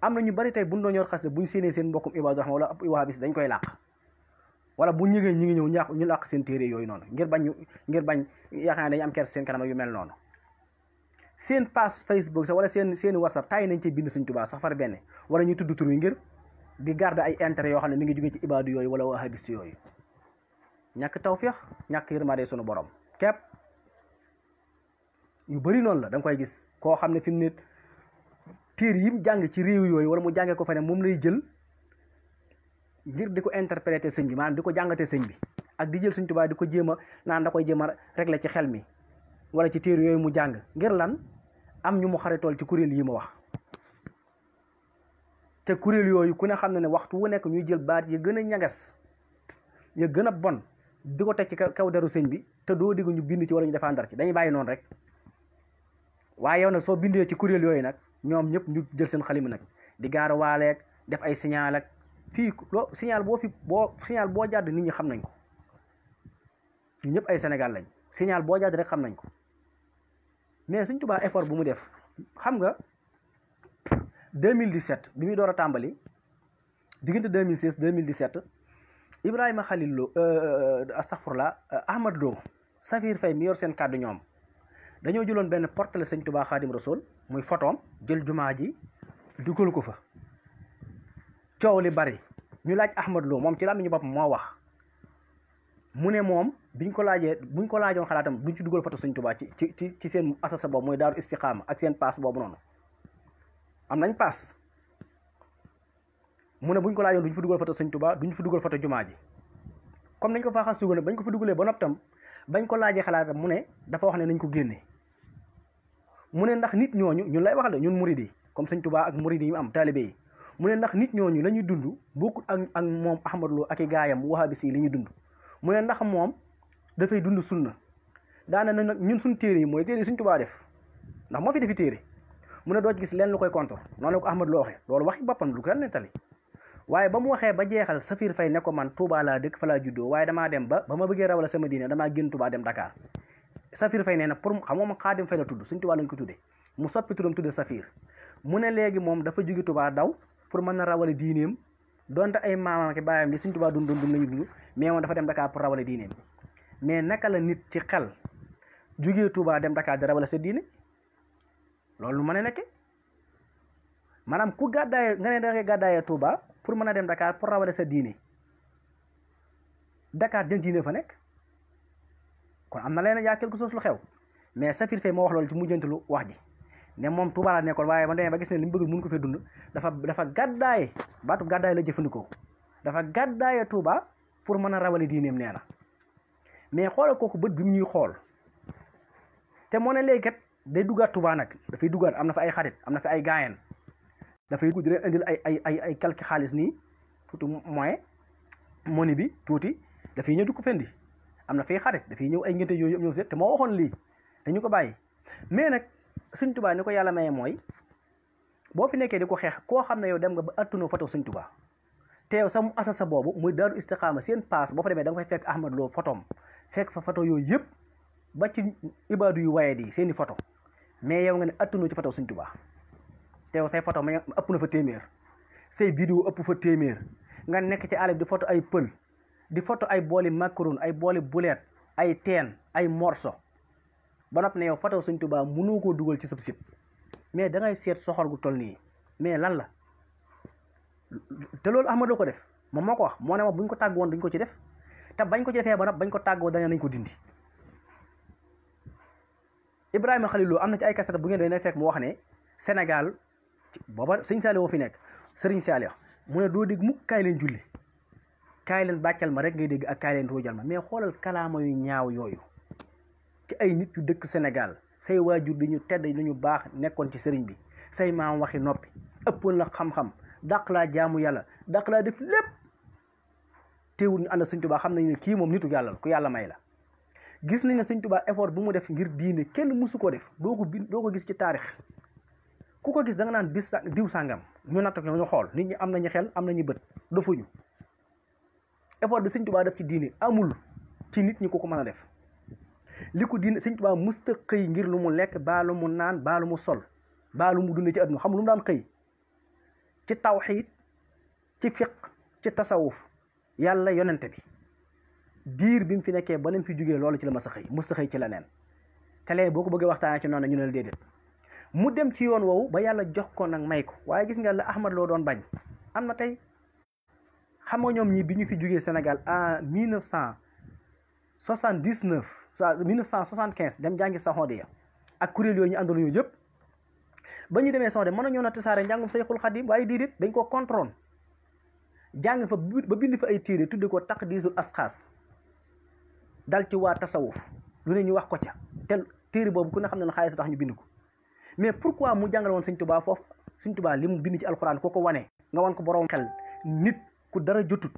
am na ñu bari tey buñ doon yor xasida buñ séenee seen mbokkum ibaadu rahma wala wahabis dañ koy làq wala bu ñëgee ñi ngi ñëw ñu làq seen téere yooyu noonu ngir bañ ngir bañ yaakaar ne dañu am kersa seen kanam yu mel noonu seen page facebook sa wala seen seen whatsapp tay nañ ci bind seigne touba sax far wala ñu tuddu tur wi ngir di garder ay intérêt yo xamne mi ngi jóge ci ibadu yoy wala wahabis yooyu ñàkk tawfiix ñàkk yërmande sunu borom kep yu bari non la dang koy gis ko xamne fim nit tire yim jang ci rew yoy wala mu jàngee ko feneen mom lay jël ngir diko interpréter seigne bi man diko jangate seigne bi ak di jël seigne touba diko jema nan da koy jema régler ci xel mi wala ci tire yoy mu jang ngir lan am ñu mu xaritool ci kuréel yi ma wax te kuréel yooyu ku ne xam na ne waxtu wu nekk ñuy jël baat yi gën a ñagas ya gën a bon di ko teg ci kaw deru sëñ bi te doo diggu bind ci wala ñu ci dañuy bàyyi noonu rek waaye yow nag soo bindee ci kuréel yooyu nag ñoom ñëpp ñu jël seen xalima nag di gaar waaleeg def ay signal ak fii loo boo fi boo signal nit ñi xam nañ ko ñu ñëpp ay senegal lañ signal boo jàdd rek xam nañ ko mais seigne touba effort bu mu def xam nga 2017 bi mi doora tambali digënté 2016 2017 Ibrahima Khalil Lo euh, euh, astaghfirullah euh, Ahmad Lo Safir fay mi yor sen kàddu ñom dañu jëloon ben portale seigne touba khadim rasul muy photo jël juma ji dugal ko fa coow li bari ñu laaj Ahmad Lo mom ci làmmiñu bop mo wax mune mom biñ ko laajee buñ ko laajoon xalaatam buñ ci dugal photo sëñ Tuubaa ci ci ci seen asasa boobu mooy daaru istiqaama ak seen paas boobu noonu am nañ paas mu ne buñ ko laajoon duñ fa dugal sëñ Tuubaa duñ fa dugal photo jumaa ji comme nañ ko faa xas dugal bañ ko fa dugalee ba noppi tam ko laajee xalaatam mu ne dafa wax ne nañ ko génne mu ne ndax nit ñooñu ñun lay waxal ñun murid yi comme sañ tubaa ak murid yi mu am taalibe yi mu ne ndax nit ñooñu la ñuy dund bokkut ak ak moom Ahmadu Lo ak i gaayam wahabis yi li ñuy dund mu ne ndax moom dafay dund sunna daana na nag ñun suñ téere yi mooy téere yi suñ tubaa def ndax moo fi defi téere mu ne doo gis lenn koy contre noonu la ko Ahmad loo waxee loolu waxi boppam lu ko nettali waaye ba mu waxee ba jeexal Safir Fay ne ko man Touba laa dëkk fa laa juddoo waaye damaa dem ba ba ma bëggee sama diine damaa génn Touba dem Safir Fay nee na pour xam moom Xaadim Fay la tudd suñ Touba lañ ko tuddee mu soppi turam tudde Safir mu ne léegi moom dafa jóge Touba daw pour mën na rawale diineem donte ay maamam ak baayam li suñ Touba dund dund lañu dund mais moom dafa dem Dakar pour rawale diineem mais naka la nit ci xel jugé Touba dem Dakar dara wala sa diiné lolou mané nek manam ku gaday nga né dara ngay Touba pour mëna dem Dakar pour rawale sa diiné Dakar dem diiné fa nek kon amna na ya quelque chose lu xew mais Safir Faye mo wax lolou ci mujjentelu wax ji né mom Touba la nekkoon waye ba demee ba gis né lim bëgg mun ko fee dund dafa dafa gaday baatu gaday la jëfëndiko dafa gaday Touba pour mëna a rawale diineem nee mais xoolal kooku bët bi mu ñuy xool te moo ne léegi day duggaat Touba nag dafay duggaat am na fa ay xarit am na fa ay gaayen dafay dugg dina indil ay ay ay ay quelque xaalis nii tuuti moyen moni bi tuuti dafay ñëw di ko fendi am na fay xarit dafay ñëw ay ngénte yooyu ñoom set te moo waxoon lii dañu ko bàyyi mais nag Sëñ Tuubaa ni ko yàlla maye mooy boo fi nekkee di ko xeex koo xam ne yow dem nga ba attunoo photo Sëñ Tuubaa te yow sa mu asasa boobu muy daaru istiqaama seen paas boo fa demee da nga fay fekk Ahmad Lo photom fekk fa foto yooyu yëpp ba ci ibaadu yu waaye di seeni i photo mais yow nga ne attanoo ci photo Sëñ Tuubaa te yow say photo ma ëpp na fa téeméer say vidéo ëpp fa téeméer nga nekk ci àll bi di foto ay pël di foto ay booli macaron ay boole buleet ay teen ay morso ba nopp ne yow foto Sëñ Tuubaa mënoo koo dugal ci sab site mais da seet soxor gu toll nii mais lan la te loolu Ahmadou ko def moom moo ko wax moo ne ma bu ko tàgg woon duñ ko ci def te bañ ko ci defee ba nag bañ ko tàggoo dana nañ ko dindi Ibrahima Khalil Lo am na ci ay kaset bu ngeen na fekk mu wax ne senegal booba sëñ Saliou woo fi nekk sëriñ Saliou mu ne doo dégg mukk kaay leen julli kaay leen bàccal ma rek ngay dégg ak kaay leen roojal ma mais xoolal kalaama yu ñaaw yooyu ci ay nit yu dëkk senegal say waajur di ñu tedd lu ñu baax nekkoon ci sëriñ bi say maam waxi noppi ëppoon la xam-xam dàq laa jaamu yàlla dàq laa def teewul ñu ànd ak sëñ xam nañu ne kii moom nitu yàlla la ku yàlla may la gis nañ ne sëñ Tuubaa effort bu mu def ngir diine kenn mësu ko def doo ko doo ko gis ci taarix ku ko gis danga naan bis diw sàngam ñu natt ko ñu xool nit ñi am nañu xel am nañu bët dofuñu effort bi sëñ Tuubaa def ci diine amul ci nit ñi ku ko mën a def li ko diine sëñ Tuubaa mësta xëy ngir lu mu lekk baa lu mu naan baa lu mu sol baa lu mu dundee ci àdduna xam lu mu daan xëy ci tawxiid ci fiq ci tasawuf yàlla yonente bi diir bi mu fi nekkee ba nim fi jógee loolu ci la ma a xëy mas a ci la neen te léegi boo ko bëggee waxtaanee ci noonu ñu ne la déedéet mu dem ci yoon woowu ba yàlla jox ko nag may ko waaye gis nga la Ahmad loo doon bañ am na tey xam nga ñoom ñi bi ñu fi jógee Sénégal en mille neuf cent soixante dix neuf mille neuf cent soixante quinze dem jàngi saxonde ya ak kuréel yooyu ñu àndal ñooñu yëpp ba ñu demee saxonde mën na ñoo na tasaare njàngum Sayxul Xadim waaye déedéet dañ ko contrôle Jangan fa ba bind fa ay téré tudde ko taqdisul asxaas dal ci wa tasawuf lu ne ñu wax ko ca té téré bobu ku na xamna ne xaalis tax ñu bind ko mais pourquoi mu jangal won seigne touba fof seigne touba li mu bind ci alcorane koko wané nga wan ko borom xel nit ku dara jotut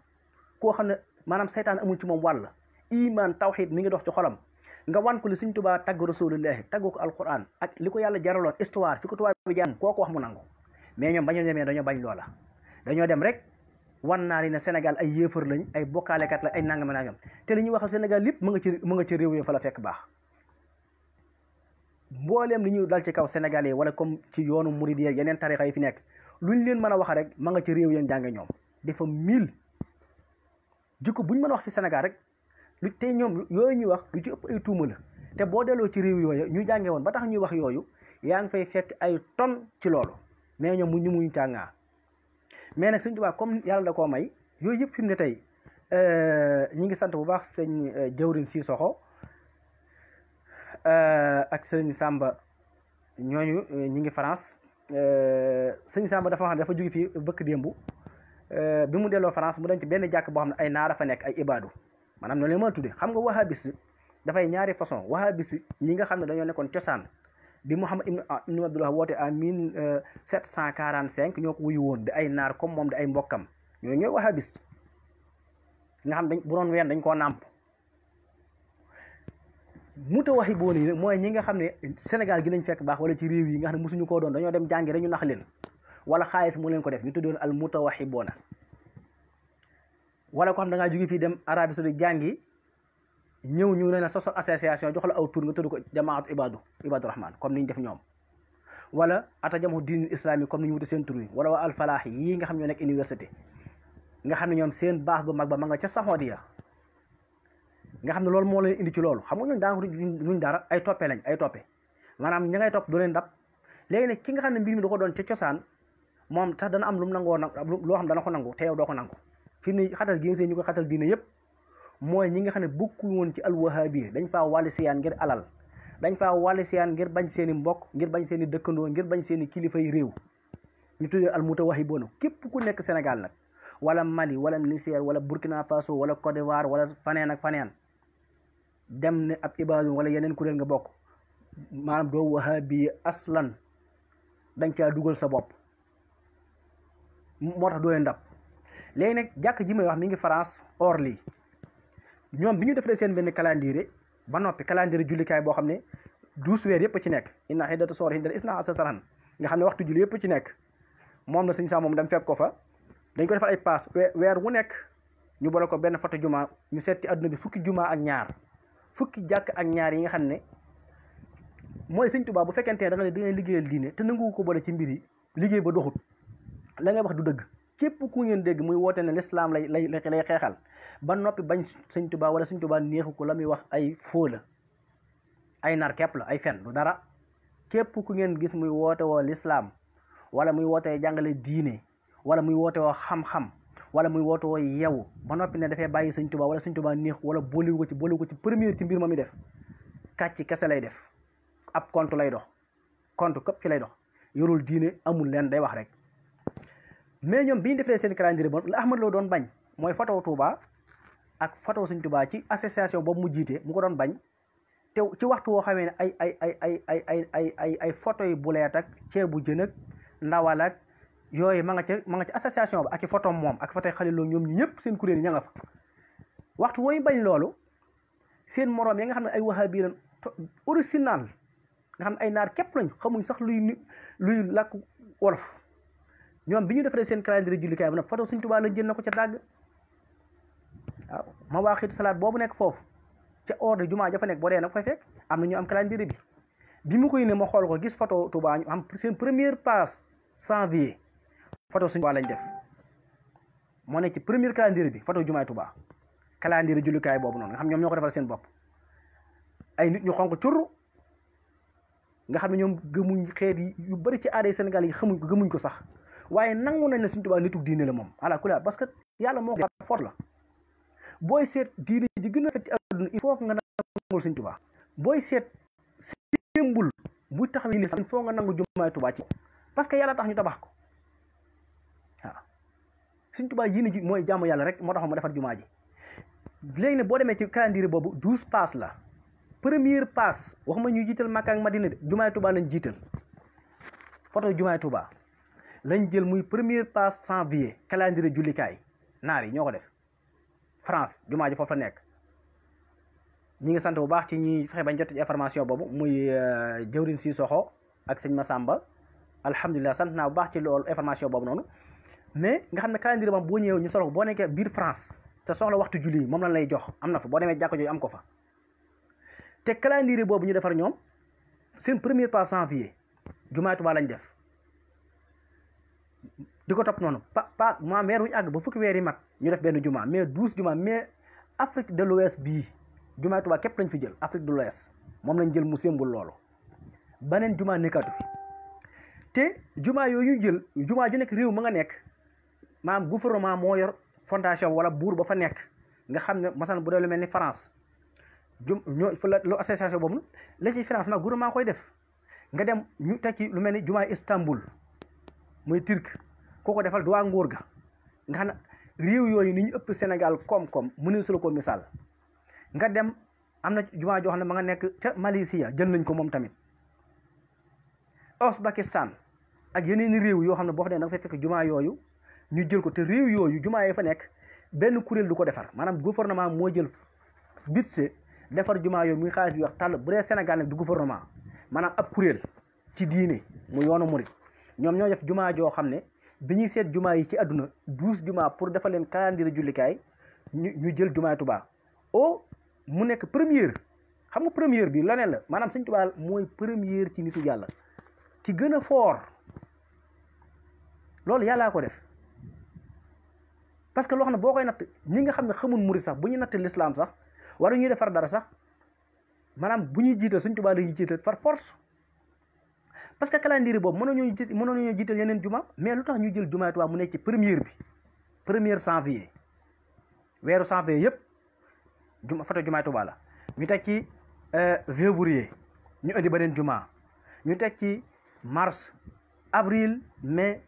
ko xamna manam setan amul ci mom wal iman tawhid mi ngi dox ci xolam nga wan ko li seigne touba tag rasulullah tagu ko alcorane ak liko yalla jaralon histoire fi ko touba bi jang koko wax mu nangu mais ñom bañu demee dañu bañ lola dañu dem rek wan naa ne Sénégal ay yéefar lañ ay bokkaalekat la ay nangam nangam te li ñuy waxal Sénégal yëpp mu nga ci mu ci réew yi fa la fekk baax mbooleem li ñu dal ci kaw Sénégalais wala comme ci yoonu murid yi yeneen tarixa yi fi nekk luñ leen mën a wax rek ma nga ci réew yéen jànge ñoom dafa mil jikko buñ mën a wax ci Sénégal rek lu tey ñoom yooyu ñuy wax lu ci la te boo delloo ci réew yooyu ñu jànge woon ba tax ñuy wax yooyu yaa ngi fay fekk ay ton ci loolu mais ñoom mu ñu muñ tàngaa mais nag sëñ Tuubaa comme yàlla koo may yooyu yëpp fi mu ne tey euh, ñi ngi sant bu baax sëñ euh, jawrin si soxo euh, ak sëñ Samba ñooñu ñi ngi France sëñ Samba dafa wax ne dafa jóge fii bëkk démbu bi mu delloo France mu dem ci benn jàkk boo xam ne ay naara fa nekk ay ibaadu maanaam noonu la mën a tudde xam nga wahabis dafay ñaari façon wahabis ñi nga xam ne dañoo nekkoon cosaan bi Muhammad ibnu ah, Abdullah woote en mille euh, sept cent quarante cinq ñoo ko wuyu woon ay naar comme moom di ay mbokkam ñooy ñooy wahabist nga xam dañ bu noon ween dañ koo nàmp mutawahiboon yi nag mooy ñi nga xam ne Sénégal gi lañ fekk baax wala ci réew yi nga xam ne mosuñu koo doon dañoo dem jàngi rek ñu nax leen wala xaalis mu leen ko def ñu tuddoon al mutawahiboona wala ko xam da ngaa jóge fii dem Arabie Saoudite jàngi ñëw ñu ne la sosol association jox la aw tur nga tudd ko jamaatu ibadu ibadu rahman comme ni ñu def ñoom wala ata jamu diinul islami comme ni ñu wute seen tur yi wala waa alfalaax yii nga xam ñoo nekk université nga xam ne ñoom seen baax bu mag ba ma nga ca saxoodiya nga xam ne lool moo la indi ci loolu xam nga ñun daanaka duñ dara ay toppe lañ ay toppe maanaam ña ngay topp du leen dab léegi nag ki nga xam ne mbir mi da ko doon ca cosaan moom tax dana am lu mu nangoo loo xam dana ko nangu te yow doo ko nangu fi mu ne xatal gi nga seen ñu koy xatal diine yëpp mooy ñi nga xam ne bukku woon ci alwahabi dañ faa ngir alal dañ faa walisiyaan ngir bañ seeni mbokk ngir bañ seeni dëkkandoo ngir bañ seeni kilifa yi réew ñu tuddee almutawahiboona képp ku nekk sénégal nag wala mali wala niger wala burkina faso wala côte d'ivoire wala faneen ak faneen dem ne ab ibadu wala yeneen kuréel nga bokk maanaam doo wahabi aslan dañ caa dugal sa bopp moo tax doo leen dab léegi nag jàkk ji wax mi ngi france orly ñoom bi ñu defaree seen benn calendrier ba noppi calendrier jullikaay boo xam ne douze weer yëpp ci nekk inna iddata soor hindal isna asa saran nga xam ne waxtu julli yëpp ci nekk moom la sëñ Sam moom dam fekk ko fa dañ ko defal ay paas weer wu nekk ñu boole ko benn foto jumaa ñu seet ci àdduna bi fukki jumaa ak ñaar fukki jàkk ak ñaar yi nga xam ne mooy sëñ Tuubaa bu fekkente ne da dangay liggéeyal diine te nangu ko boole ci mbir yi liggéey ba doxut la ngay wax du dëgg képp ku ngeen dégg muy woote ne lislaam lay lay lay xeexal ba noppi bañ sëñ tubaa wala sëñ tubaa neexu ko la muy wax ay foo la ay nar képp la ay fen du dara képp ku ngeen gis muy woote woo lislaam wala muy wootee jàngale diine wala muy woote woo xam-xam wala muy woote woo yewu ba noppi ne dafay bàyyi sëñ tubaa wala sëñ tubaa neexu wala booliwu ko ci booliwu ko ci première ci mbir ma mi def kàcc kese lay def ab compte lay dox compte këpp ci lay dox yorul diine amul leen day wax rek mais ñoom bi ñu defee seen calendrier bon la Ahmad Lo doon bañ mooy photo Touba ak photo Sëñ Touba ci association boobu mu jiite mu ko doon bañ te ci waxtu woo xamee ne ay ay ay ay ay ay ay ay ay photo yi buleet ak ceebu jën ak ndawal ak yooyu ma nga ca ma nga ca association ba ak photo moom ak photo Xalil Lo ñoom ñi ñëpp seen kuréel nga fa waxtu wooyu bañ loolu seen moroom yi nga xam ne ay wahabi lan original nga xam ne ay naar képp lañ xamuñ sax luy luy làkk wolof ñoom bi ñu defaree seen calendrier jullikaay bi nag photo suñ tubaa la jël na ko ca dàgg waaw ma waa xiitu salaat boobu nekk foofu ca ordre juma ja fa nekk boo dee nag fay fekk am na ñu am calendrier bi bi mu koy ne ma xool ko gis photo tubaa ñu am seen première passe janvier photo suñ tubaa lañ def moo ne ci première calendrier bi photo juma tubaa calendrier kay boobu noonu nga xam ñoom ñoo ko defal seen bopp ay nit ñu xonk curru nga xam ne ñoom gëmuñ xeet yu bari ci aaday Sénégal yi xamuñ ko gëmuñ ko sax waaye nangu nañ ne Sëriñ nit nituk diine la moom ala kulli parce que yàlla moo ko force la booy seet diine ji gën a rafet ci àdduna il faut que nga nangul Sëriñ Tuubaa booy seet symbole bu taxaw yi il faut nga nangu jumaay Tuubaa ci parce que yàlla tax ñu tabax ko waaw Sëriñ Tuubaa diine ji mooy jaamu yàlla rek moo tax ma defar jumaa ji léegi ne boo demee ci calendrier boobu douze pass la première pass waxuma ñu jiital Makka ak Madina de jumaay Tuubaa lañ jiital photo jumaay Tuubaa lañ jël muy première passe janvier calendrier jullikaay naar yi ñoo ko def France jumaa ji foofu la nekk ñi ngi sant bu baax ci ñi fexe bañ jot ci information boobu muy euh, jëwrin si soxo ak sëñ Massamba alhamdulilah sant naa bu baax ci loolu information boobu noonu mais nga xam ne calendrier moom boo ñëwee ñu solo boo nekkee biir France te soxla waxtu julli moom lañ lay jox am na fa boo demee jàkka jooju ko fa te calendrier boobu ñu defar ñoom seen premier pas janvier jumaa Tuubaa lañ def di top nonu pa pa ma mère wu ag àgg ba fukki wéri mat ñu def ben juma mais 12 juma mais Afrique de l'Ouest bi juma tuba kep lañ fi jël Afrique de l'Ouest mom lañ jël mu sembul lolu banen juma nekatu fi te juma yo ñu jël juma ju nek réew ma nga nek maam gouvernement mo yor fondation wala bour ba fa nek nga xam masan bu do lu melni France jum ñoo fa la association bobu la ci financement gouvernement koy def nga dem ñu tekki lu melni juma Istanbul mooy turc ku ko defal duwaa nguur ga nga xam ne réew yooyu ni ñu ëpp Sénégal koom-koom mënu sula ko misaal nga dem am na jumaa joo xam ne ma nga nekk ca Malaysia jël nañ ko moom tamit Ouzbékistan ak yeneen réew yoo xam ne boo xam ne da nga fay fekk jumaa yooyu ñu jël ko te réew yooyu jumaa yi fa nekk benn kuréel du ko defar maanaam gouvernement moo jël budget defar jumaa yooyu muy xaalis bi wax tàll bu dee Sénégal nag du gouvernement maanaam ab kuréel ci diine mu yoonu murit ñoom ñoo def jumaa joo xam ne bi ñuy seet jumaa yi ci àdduna douze jumaa pour dafa leen calendrier jullikaay ñu ñu jël jumaa tubaa o mu nekk première xam nga première bi leneen la maanaam sëñ Tuubaa mooy première ci nitu yàlla ci gën a foor loolu yàllaa ko def parce que loo xam ne boo koy natt ñi nga xam ne xamul murid sax bu ñu natt lislaam sax waru ñuy defar dara sax maanaam bu ñuy jiital suñ Tuubaa la jiital par force parce que calendrier boobu mënoon nañoo ji mënoon nañoo jiital yeneen juma mais lu tax ñu jël jumaay Tuubaa mu nekk première bi première janvier weeru janvier yëpp juma foto jumaay Tuubaa la ñu teg ci février euh, ñu indi beneen jumaa ñu teg ci mars avril mais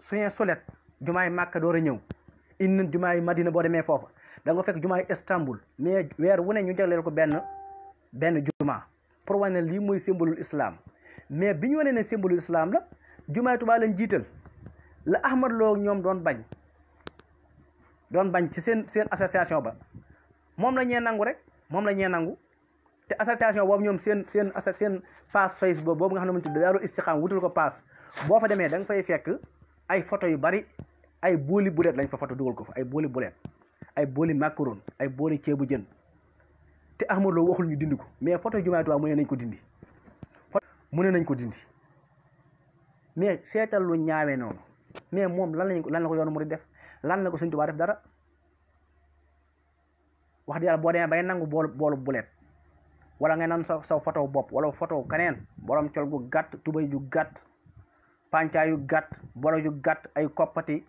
juin solet jumaay yi door a ñëw indi nañ yi Madina boo demee foofa da nga fekk yi Istanbul mais weer wu ne ñu jagleel ko benn benn juma pour wane lii mooy symbolul islaam mais bi ñu wanee ne symbole islam la jumaay Tuubaa lañ jiital la Ahmad Lo ñoom doon bañ doon bañ ci seen seen association ba moom la ñee nangu rek moom la ñee nangu te association boobu ñoom seen seen seen page Facebook boobu nga xam ne moom ci daaru istiqaam wutul ko paas boo fa demee da fay fekk ay photo yu bari ay booli bulet lañ fa photo dugal ko fa ay booli bulet ay booli macaron ay booli ceebu jën te Ahmad Lo waxul ñu dindi ko mais photo jumaay Tuubaa mu nañ ko dindi mune nañ ko dindi mais seetal lu ñaawé non mais mom lan lañ lan la ko yoonu murid def lan la ko señtu ba def dara wax di yalla bo demee bay nangu bol bol bulet wala nga nan saw photo bop wala photo keneen borom ciol gu gat tubay ju gat pàncaa yu gat bolo yu gat ay kopati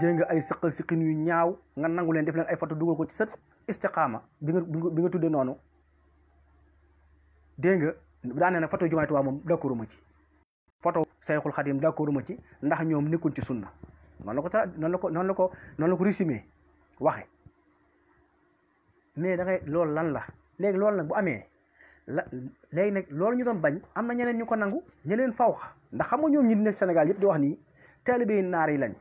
dégg ay sëqal siqin yu ñaaw nga nangu len def leen ay photo dugal ko ci seut istiqama bi nga bi nga tudde nonu daa ne nag photo jumaay Tuubaa moom d'accord ma ci photo Sayxul Xadim d'accord ma ci ndax ñoom nekkuñ ci sunna noonu la ko tra noonu la ko noonu la ko noonu la ko résumé waxe mais da ngay loolu lan la léegi loolu nag bu amee la léegi nag loolu ñu doon bañ am na ñeneen ñu ko nangu ñu leen faw ndax xam nga ñoom ñi nekk Sénégal yëpp di wax nii taalibe yi naar yi lañ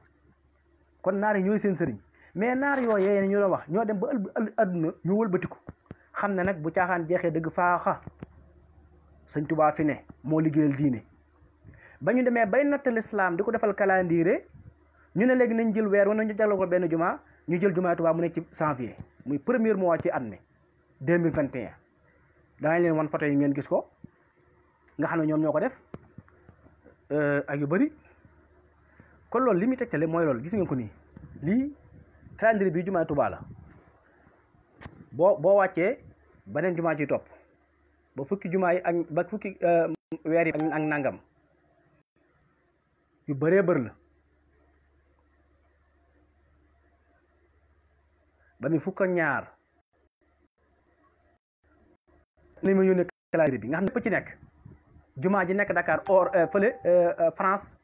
kon naar yi ñooy seen sëriñ mais naar yooyee ñu doon wax ñoo dem ba ël adduna ñu wëlbatiku xam ne nag bu caaxaan jeexee dëgg faaxa sëñ tubaa fi ne mo liggéeyal diine bañu ñu bay natal islam diko ko defal calendrier ñu ne léegi nañ jël weer wu ñu jallo ko ben juma ñu jël juma tubaa mu nekk ci janvier muy premier mois ci année 2021 da danañ leen won photo yi ngeen gis ko nga xam ñom ñoko def euh ak yu bari ko loolu limi muy tegtale mooy loolu gis ngeen ko ni li calendrier bi juma tubaa la bo bo wacce benen juma ci top ba fukki jumaa yi ak ba fukki euh, weer yi ak nangam yu bëree bër la ba mu fukk ak ñaar nañ ma yónnee calendrier bi nga xam ne ci nekk jumaa ji nekk dakaar or euh, fële euh, France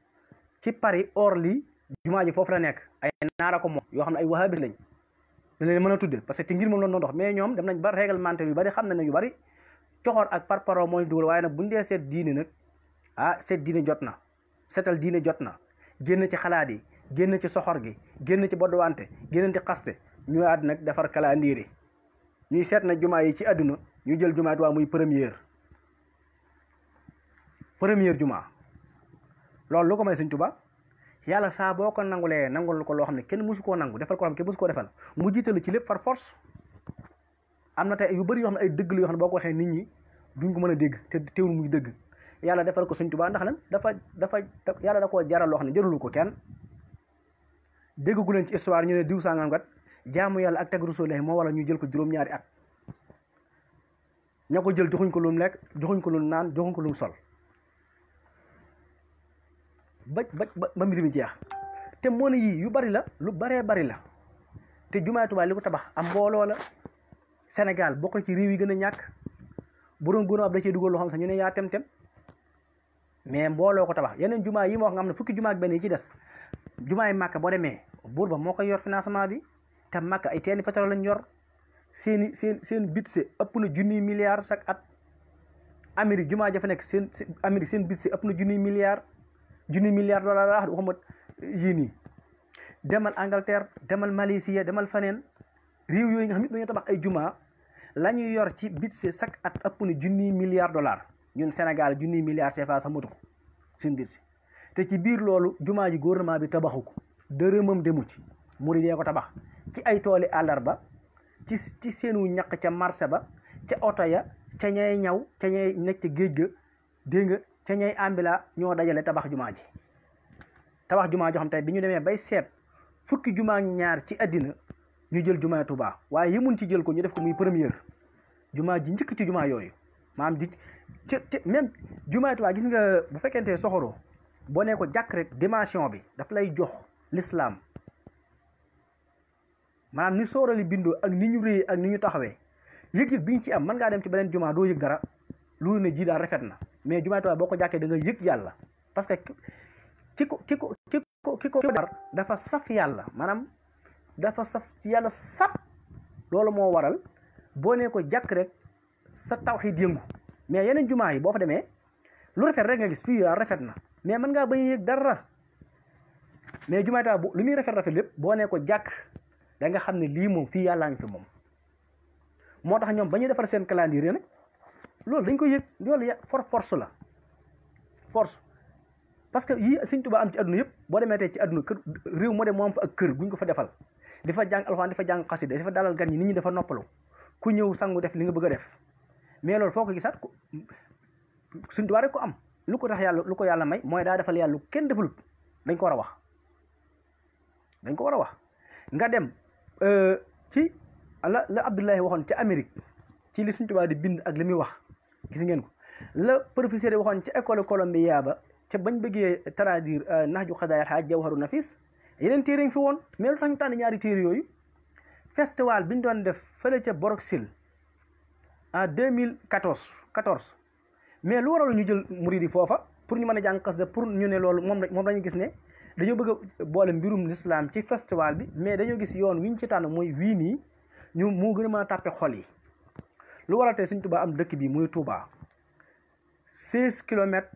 ci Paris or lii jumaa ji foofu la nekk ay naara ko moom yoo xam ne ay wahabis lañ da leen mën a tudde parce que ci ngir moom la doon dox mais ñoom dem nañ ba réglementaire yu bari xam na ne yu bari coxoon ak parparoo moo ñu dugal waaye nag bu ñu dee seet diine nag ah seet diine jot na seetal diine jot na génn ci xalaat yi génn ci soxor gi génn ci bodduwante génn ci xaste ñu àdduna defar calendrier ñuy seet na jumaa yi ci àdduna ñu jël jumaa waa muy première première jumaa loolu lu ko may Sëñ Tuubaa yàlla saa boo ko nangulee nangul ko loo xam ne kenn mësu koo nangu defal ko xam ne kenn mësu koo defal mu jiital ci lépp far force am na tey yu bari yoo na ay dëgg la yoo xam ne boo ko waxee nit ñi duñ ko mën a dégg te teewul muy dëgg yàlla defar ko Sëñ Tuubaa ndax lan dafa dafa yàlla da koo jaral loo xam ne ko kenn déggu leen ci histoire ñu ne diw sangam kat jaamu yàlla ak teg Rasulullah moo wala ñu jël ko juróom-ñaari at ña ko jël joxuñ ko lum lekk joxuñ ko lum naan joxuñ ko lum sol ba ba ba mbir mi jeex te moo ne yii yu bari la lu baree bari la te jumaay Tuubaa li ko tabax am mbooloo Sénégal bokk na ci réew yi gën a ñàkk bu doon góor ab da cee dugal loo xam sax ñu ne yaa tem-tem mais mbooloo ko tabax yeneen jumaa yi moo wax nga xam ne fukki jumaa ak benn yi ci des jumaa yi màkk boo demee buur ba moo koy yor financement bi te màkk ay teeni pétrole lañ yor seeni seen seen budget ëpp na junni milliards chaque at Amérique jumaa jafe nekk seen Amérique seen budget ëpp na junniy milliards junniy milliards dollars laa wax demal Angleterre demal Malaisie demal faneen réew yooyu nga xam ne dañoo tabax ay jumaa la ñuy yor ci budget chaque at ëpp na junniy milliards dollars ñun senegal junni milliards CFA sa motu ko suñu budget te ci biir loolu jumaa ji gouvernement bi tabaxu ko dërëmam demu ci murid yee ko tabax ci ay tooli àllarba ci ci seenu ñaq ca marché ba ca oto ya ca ñay ñaw ca ñay nekk ca géej ga dégg nga ca ñay ambila ñoo dajale tabax jumaa ji tabax jumaa joo xam tey bi ñu demee bay seet fukki jumaa ñaar ci àddina ñu jël jumaa Tuubaa waaye yemuñ ci jël ko ñu def ko muy première jumaa ji njëkk ci jumaa yooyu maam di ci ci même jumaa Tuubaa gis nga bu fekkente soxoroo boo nee ko jàkk rek dimension bi dafa lay jox lislaam maanaam ni soorali bindoo ak ni ñu réyee ak ni ñu taxawee yëg-yëg bi ñu ci am mën ngaa dem ci beneen jumaa doo yëg dara loolu ne ji daal rafet na mais jumaa Tuubaa boo ko jàkkee da nga yëg yàlla parce que ki ko ki ko ki ko ki dar dafa saf yàlla maanaam dafa saf ci yàlla sap loolu moo waral boo nee ko jàkk rek sa tawxiid yëngu mais yeneen jumaa yi boo fa demee lu rafet rek nga gis fii rafet na mais mën ngaa bañ a yëg dara mais jumaa ta lu muy rafet rafet lépp boo nee ko jàkk da nga xam ne lii moom fii yàlla ngi fi moom moo tax ñoom ba defal defar seen calendrier nag loolu dañ ko yëg loolu for force la force parce que yii Sëñ Tuubaa am ci àdduna yëpp boo demee tey ci àdduna kër réew moo dem moo am fa ak kër gu guñ ko fa defal di fa jàng alxuraan di fa jàng fa dalal gan ñi nit ñi dafa noppalu ku ñëw sangu def li nga bëgg def mais loolu foo ko gisaat ku Sëñ Tuubaa ko am lu ko tax yàlla lu ko yàlla may mooy daa defal yàlla kenn defalut dañ ko war a wax dañ ko war a wax nga dem euh, ci la la Abdoulaye waxoon ci Amérique ci li Sëñ Tuubaa di bind ak li muy wax gis ngeen ko la professeur yi waxoon ci école Columbia ba ca bañ bëggee traduire euh, Nahju Qadaa'il Haaj Jawharu Nafis yeneen téere ngi fi woon mais lu tax ñu ñaari téere yooyu festival bi ñu doon def fële ca Boroxil en 2014 14 mais lu waral ñu jël murid yi foofa pour ñu mën a jàng xasida pour ñu ne loolu moom moom dañu gis ne dañoo bëgg boole mbirum lislaam ci festival bi mais dañoo gis yoon wi ñu ci tànn mooy wii nii ñu moo gën a mën a tàppe xol yi lu waral tey suñ Touba am dëkk bi muy Touba 16 kilomètres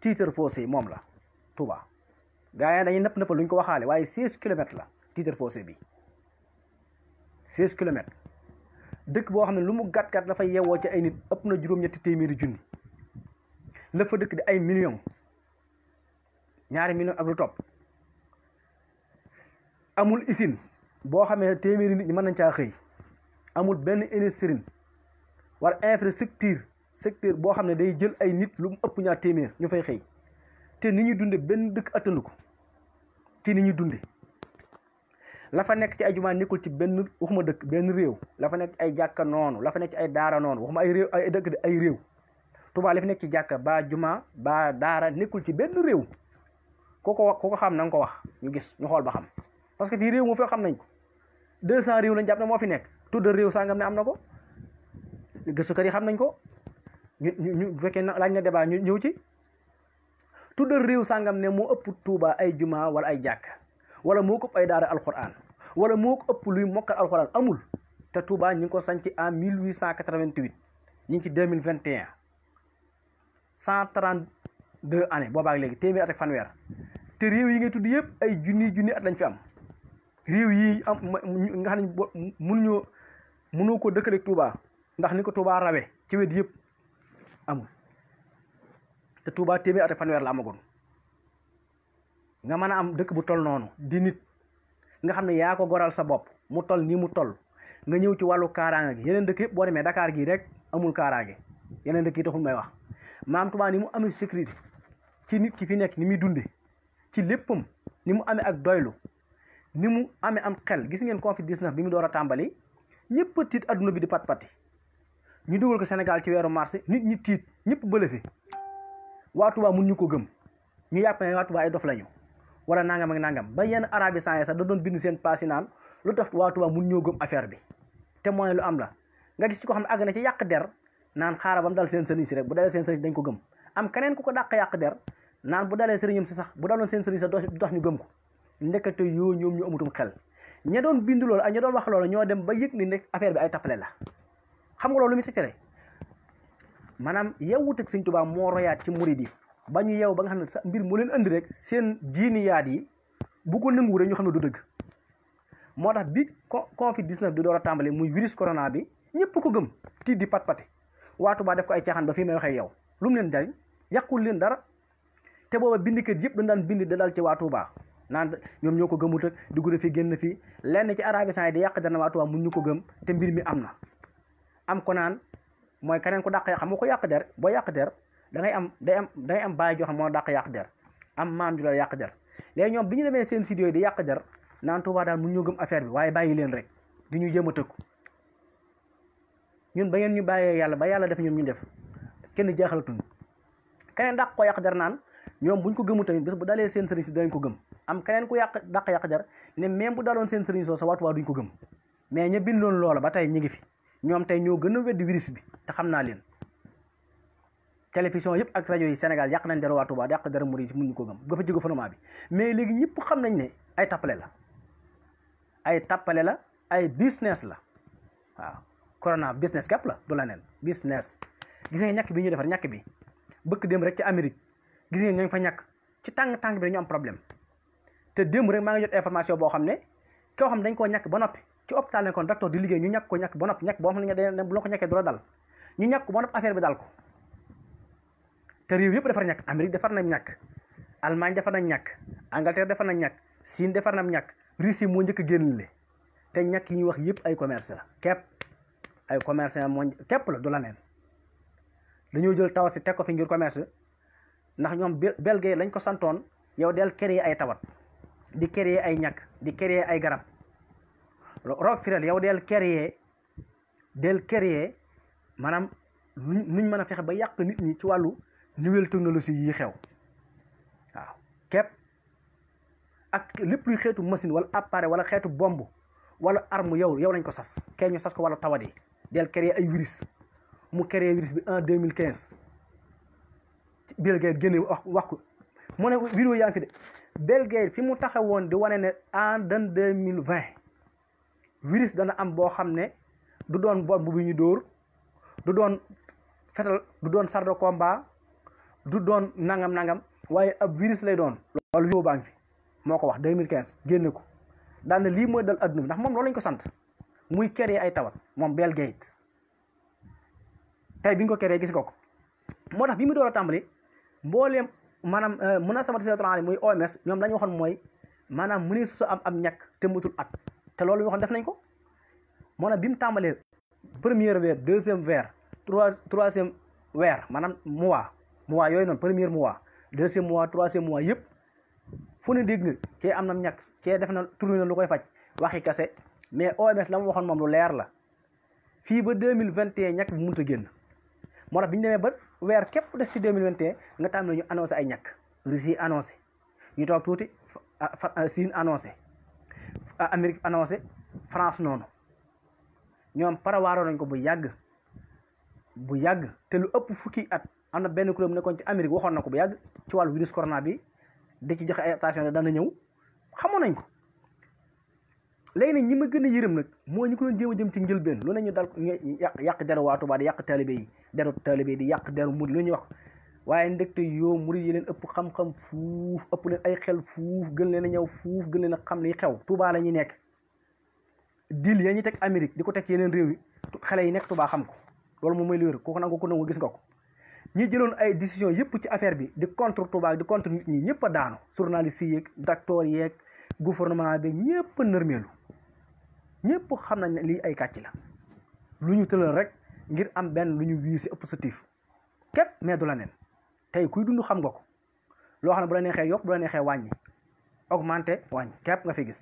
titre fossé moom la Touba gaa yi dañuy nëpp nëppal lu ñu ko waxaale waaye 16 kilomètres la titre fossé bi 16 kilomètres dëkk boo xam ne lu mu gàtt gàtt dafay yeewoo ci ay nit ëpp na juróom-ñetti téeméeri junni la fa dëkk di ay millions ñaari millions ak lu topp amul usine boo xamee téeméeri nit ñi mën nañ caa xëy amul benn industrie war infrastructure secteur boo xam ne day jël ay nit lu mu ëpp ñaar téeméer ñu fay xëy te ni ñuy dunde benn dëkk attanu ko te ni ñuy dunde lafa nekk ci ay jumaa nekkul ci benn waxuma dëkk benn réew la nekk ay jàkka noonu la nekk ci ay daara noonu waxuma ay réew ay dëkk ay réew Tuubaa li nekk ci jàkka ba jumaa ba daara nekkul ci benn réew ku ko wax ko xam na nga ko wax ñu gis ñu xool ba xam parce que fii réew moo fi xam nañ ko deux cent réew lañ jàpp ne moo fi nekk tudda réew sangam ne am na ko gëstukat yi xam nañ ko ñu ñu bu fekkee laaj na debaa ñu ñëw ci tudda réew sangam ne moo ëpp Tuubaa ay jumaa wala ay jàkka wala moo ko ëpp ay daara alquran wala moo ko ëpp luy mokkal alquran amul te Touba ñi ngi ko sanc en 1888 ñu ngi ci 2021 132 années boobaak léegi téeméer at ak fanweer te réew yi ngay tudd yëpp ay junni junni at lañ fi am réew yi am nga xam ne mënuñoo mënoo ko dëkkaleeg Touba ndax ni ko Touba rawee ci wet yëpp amul te Touba téeméer at fanweer la amagoon nga mën a am dëkk bu toll noonu di nit nga xam ne yaa ko goral sa bopp mu tol nii mu toll nga ñëw ci wàllu kaaraange gi yeneen dëkk yëpp boo demee dakaar gii rek amul kaaraange yeneen dëkk yi taxul may wax maam Tuubaa ni mu amee sécurité ci nit ki fi nekk ni muy dunde ci léppam ni mu amee ak doylu ni mu amee am xel gis ngeen Covid 19 bi mu door a tàmbali ñëpp a tiit adduna bi di pat pati ñu dugal ko Sénégal ci weeru mars nit ñi tiit ñëpp bële fi waa Tuubaa mun ñu ko gëm ñu yàpp ne waa Tuubaa ay dof lañu wala nangam ak nangam ba yeen arabie yi sax da doon bind seen paas nan lu tax wa tuba mu ñoo gëm affaire bi te mooy lu am la nga gis ci ko xamne ne na ci yak der nan xaaral dal seen serigne rek bu dalé seen serigne dañ ko gëm am keneen ku ko dakk yak der nan bu dalé serigne ci sax bu dalon seen serigne sax dox ñu gëm ko ndekete yo ñoom ñu amutum xel ña doon bind lool ak ña doon wax lool ñoo dem ba yek ni timuridi affaire bi ay tapalé la xam nga loolu lu yewut ak touba mo royat ci mouride ba ñu yeew ba nga xam ne sax mbir mu leen andi rek seen jiiniyaat yi bu ko nanguwul rek ñu xam ne du dëgg moo tax bi covid 19 di door a tàmbali muy virus corona bi ñëpp ko gëm tiit di pat pati waatu baa def ko ay caaxaan ba fii may waxee yow lu mu leen jariñ yàqul leen dara te booba kër yëpp dan daan bind da dal ci waa Tuubaa naan ñoom ñoo ko gëmut ak dugg na fi génn fii lenn ci arabisants yi di yàq dana waa Tuubaa ñu ko gëm te mbir mi am na am ko naan mooy keneen ko dàq xam nga ko yàq der boo yàq der da am day am da ngay am bàyyi jo xam mo dak yak der am mam ju la yàq der le ñom biñu démé seen studio di yak der nan Tuubaa dal mun ñu gëm affaire bi waye bayi leen rek di ñu jëma tekk ñun ba ngeen ñu baye yalla ba yalla def ñun ñu def kenn jaaxalatuñu keneen dak ko yak der nan ñom buñ ko gëmu tamit bés bu dalé seen serigne si dañ ko gëm am keneen ku yak dak yak der né même bu dalon seen serigne so sa wa duñ ko gëm mais ñe bindon lool ba tay ñi ngi fi ñom tay ñoo gëna virus bi ta xamna leen télévision yépp ak radio yi Sénégal yàq nañ dara wa Touba yàq dara murid muñ ko gam dafa jóge fondement bi mais légui ñepp xam nañ né ay tapalé la ay tapalé la ay business la wa corona business képp la du lanen business gis nga ñak bi ñu défar ñak bi bëkk dem rek ci Amérique gis nga ñu fa ñak ci tang tang bi ñu am problème té dem rek ma nga jot information bo xamné ko xam dañ ko ñak ba nopi ci hôpital nekkoon docteur di liggé ñu ñak ko ñak ba nopi ñak bo xam ne bu la ko ñàkkee du dal ñu ñak ko ba nopi affaire bi dal ko te réew yépp defar ñàkk Amérique defar na ñàkk Allemagne defar na ñàkk Angleterre defar na ñàkk Chine defar na ñàkk Russie moo njëkk a génn te ñàkk yi ñuy wax yépp ay commerce la képp ay commerce moo képp la du la neen dañoo jël tawa si teg ko fi ngir commerce ndax ñoom belge lañ ko santoon yow del créer ay tawat di créer ay ñàkk di créer ay garab roog firal yow del créer del créer maanaam nuñ mën a fexe ba yàq nit ñi ci wàllu nouvel technologie yi xew waaw kep ak lepp luy xeetu machine wala appareil wala xeetu bombe wala arme yow yow lañ ko sas kee ñu sas ko wala tawadi del créer ay virus mu créer virus bi en 2015 Bill Gates génne wax wax ko mo ne vidéo yaa ngi fi Bill Gates fi mu taxawoon di wane né en 2020 virus dana am bo xamné du doon bombe bi ñu door du doon fétal du doon combat du doon nangam nangam waaye ab virus lay doon loolu vidéo baa ngi fi moo ko wax mille quinze génne ko daan na lii mooy dal adduna bi ndax moom loolu lañ ko sant muy créer ay tawat moom Bill Gates tey bi ñu ko créer gis nga ko moo tax bi mu door a tàmbali mbooleem maanaam euh, munasabatu siraatal muy OMS ñoom la ñu waxoon mooy maanaam mu su am am ñàkk te mutul at te loolu waxoon def nañ ko moo na bi mu tàmbalee première weer deuxième weer trois troisième weer maanaam mois mois yooyu noonu premier mois deuxième mois troisième mois yëpp foo ne dégg nga kee am na ñàkk kee def na tourné na lu koy faj waxi kase mais OMS la mu waxoon moom lu leer la fii ba deux mille vingt et un bi mënut a génn moo tax bi ñu demee ba weer képp des ci deux mille vingt et un nga tàmm ñu annoncé ay ñàkk Russie annoncé ñu toog tuuti euh, Chine annoncé Amérique annoncé France noonu ñoom parawaaroo nañ ko bu yàgg bu yàgg te lu ëpp fukki at am na benn kuréel bu nekkoon ci Amérique waxoon na ko bu yàgg ci wàllu virus corona bi da ci joxe ay attention ne dana ñëw xamoon nañ ko léegi nag ñi ma gën a yërëm nag moo ñu ko doon jëm ci njëlbeen lu ne ñu dal ñu yàq deru waa Tuubaa yàq taalibe yi deru taalibe yi di yàq deru murid lu ñuy wax waaye ndekte yoo murid yi leen ëpp xam-xam fuuf ëpp leen ay xel fuuf gën leen a ñëw fuuf gën leen a xam li xew Tuubaa la ñuy nekk dil ya ñu teg Amérique di ko teg yeneen réew yi xale yi nekk Tuubaa xam ko loolu moom mooy li wér ko nangu ko nangu gis nga ko ñi jëloon ay décision yëpp ci affaire bi di contre Touba di contre nit ñi ñëpp a daanu journaliste yeeg docteur yeeg gouvernement bi ñëpp a nërmeelu ñëpp xam nañ ne lii ay kàcc la lu ñu tëral rek ngir am benn lu ñu wiisi ëpp positif képp mais du la nen tey kuy dund xam nga ko loo xam ne bu la neexee yokk bu la neexee wàññi augmenté wàññi képp nga fi gis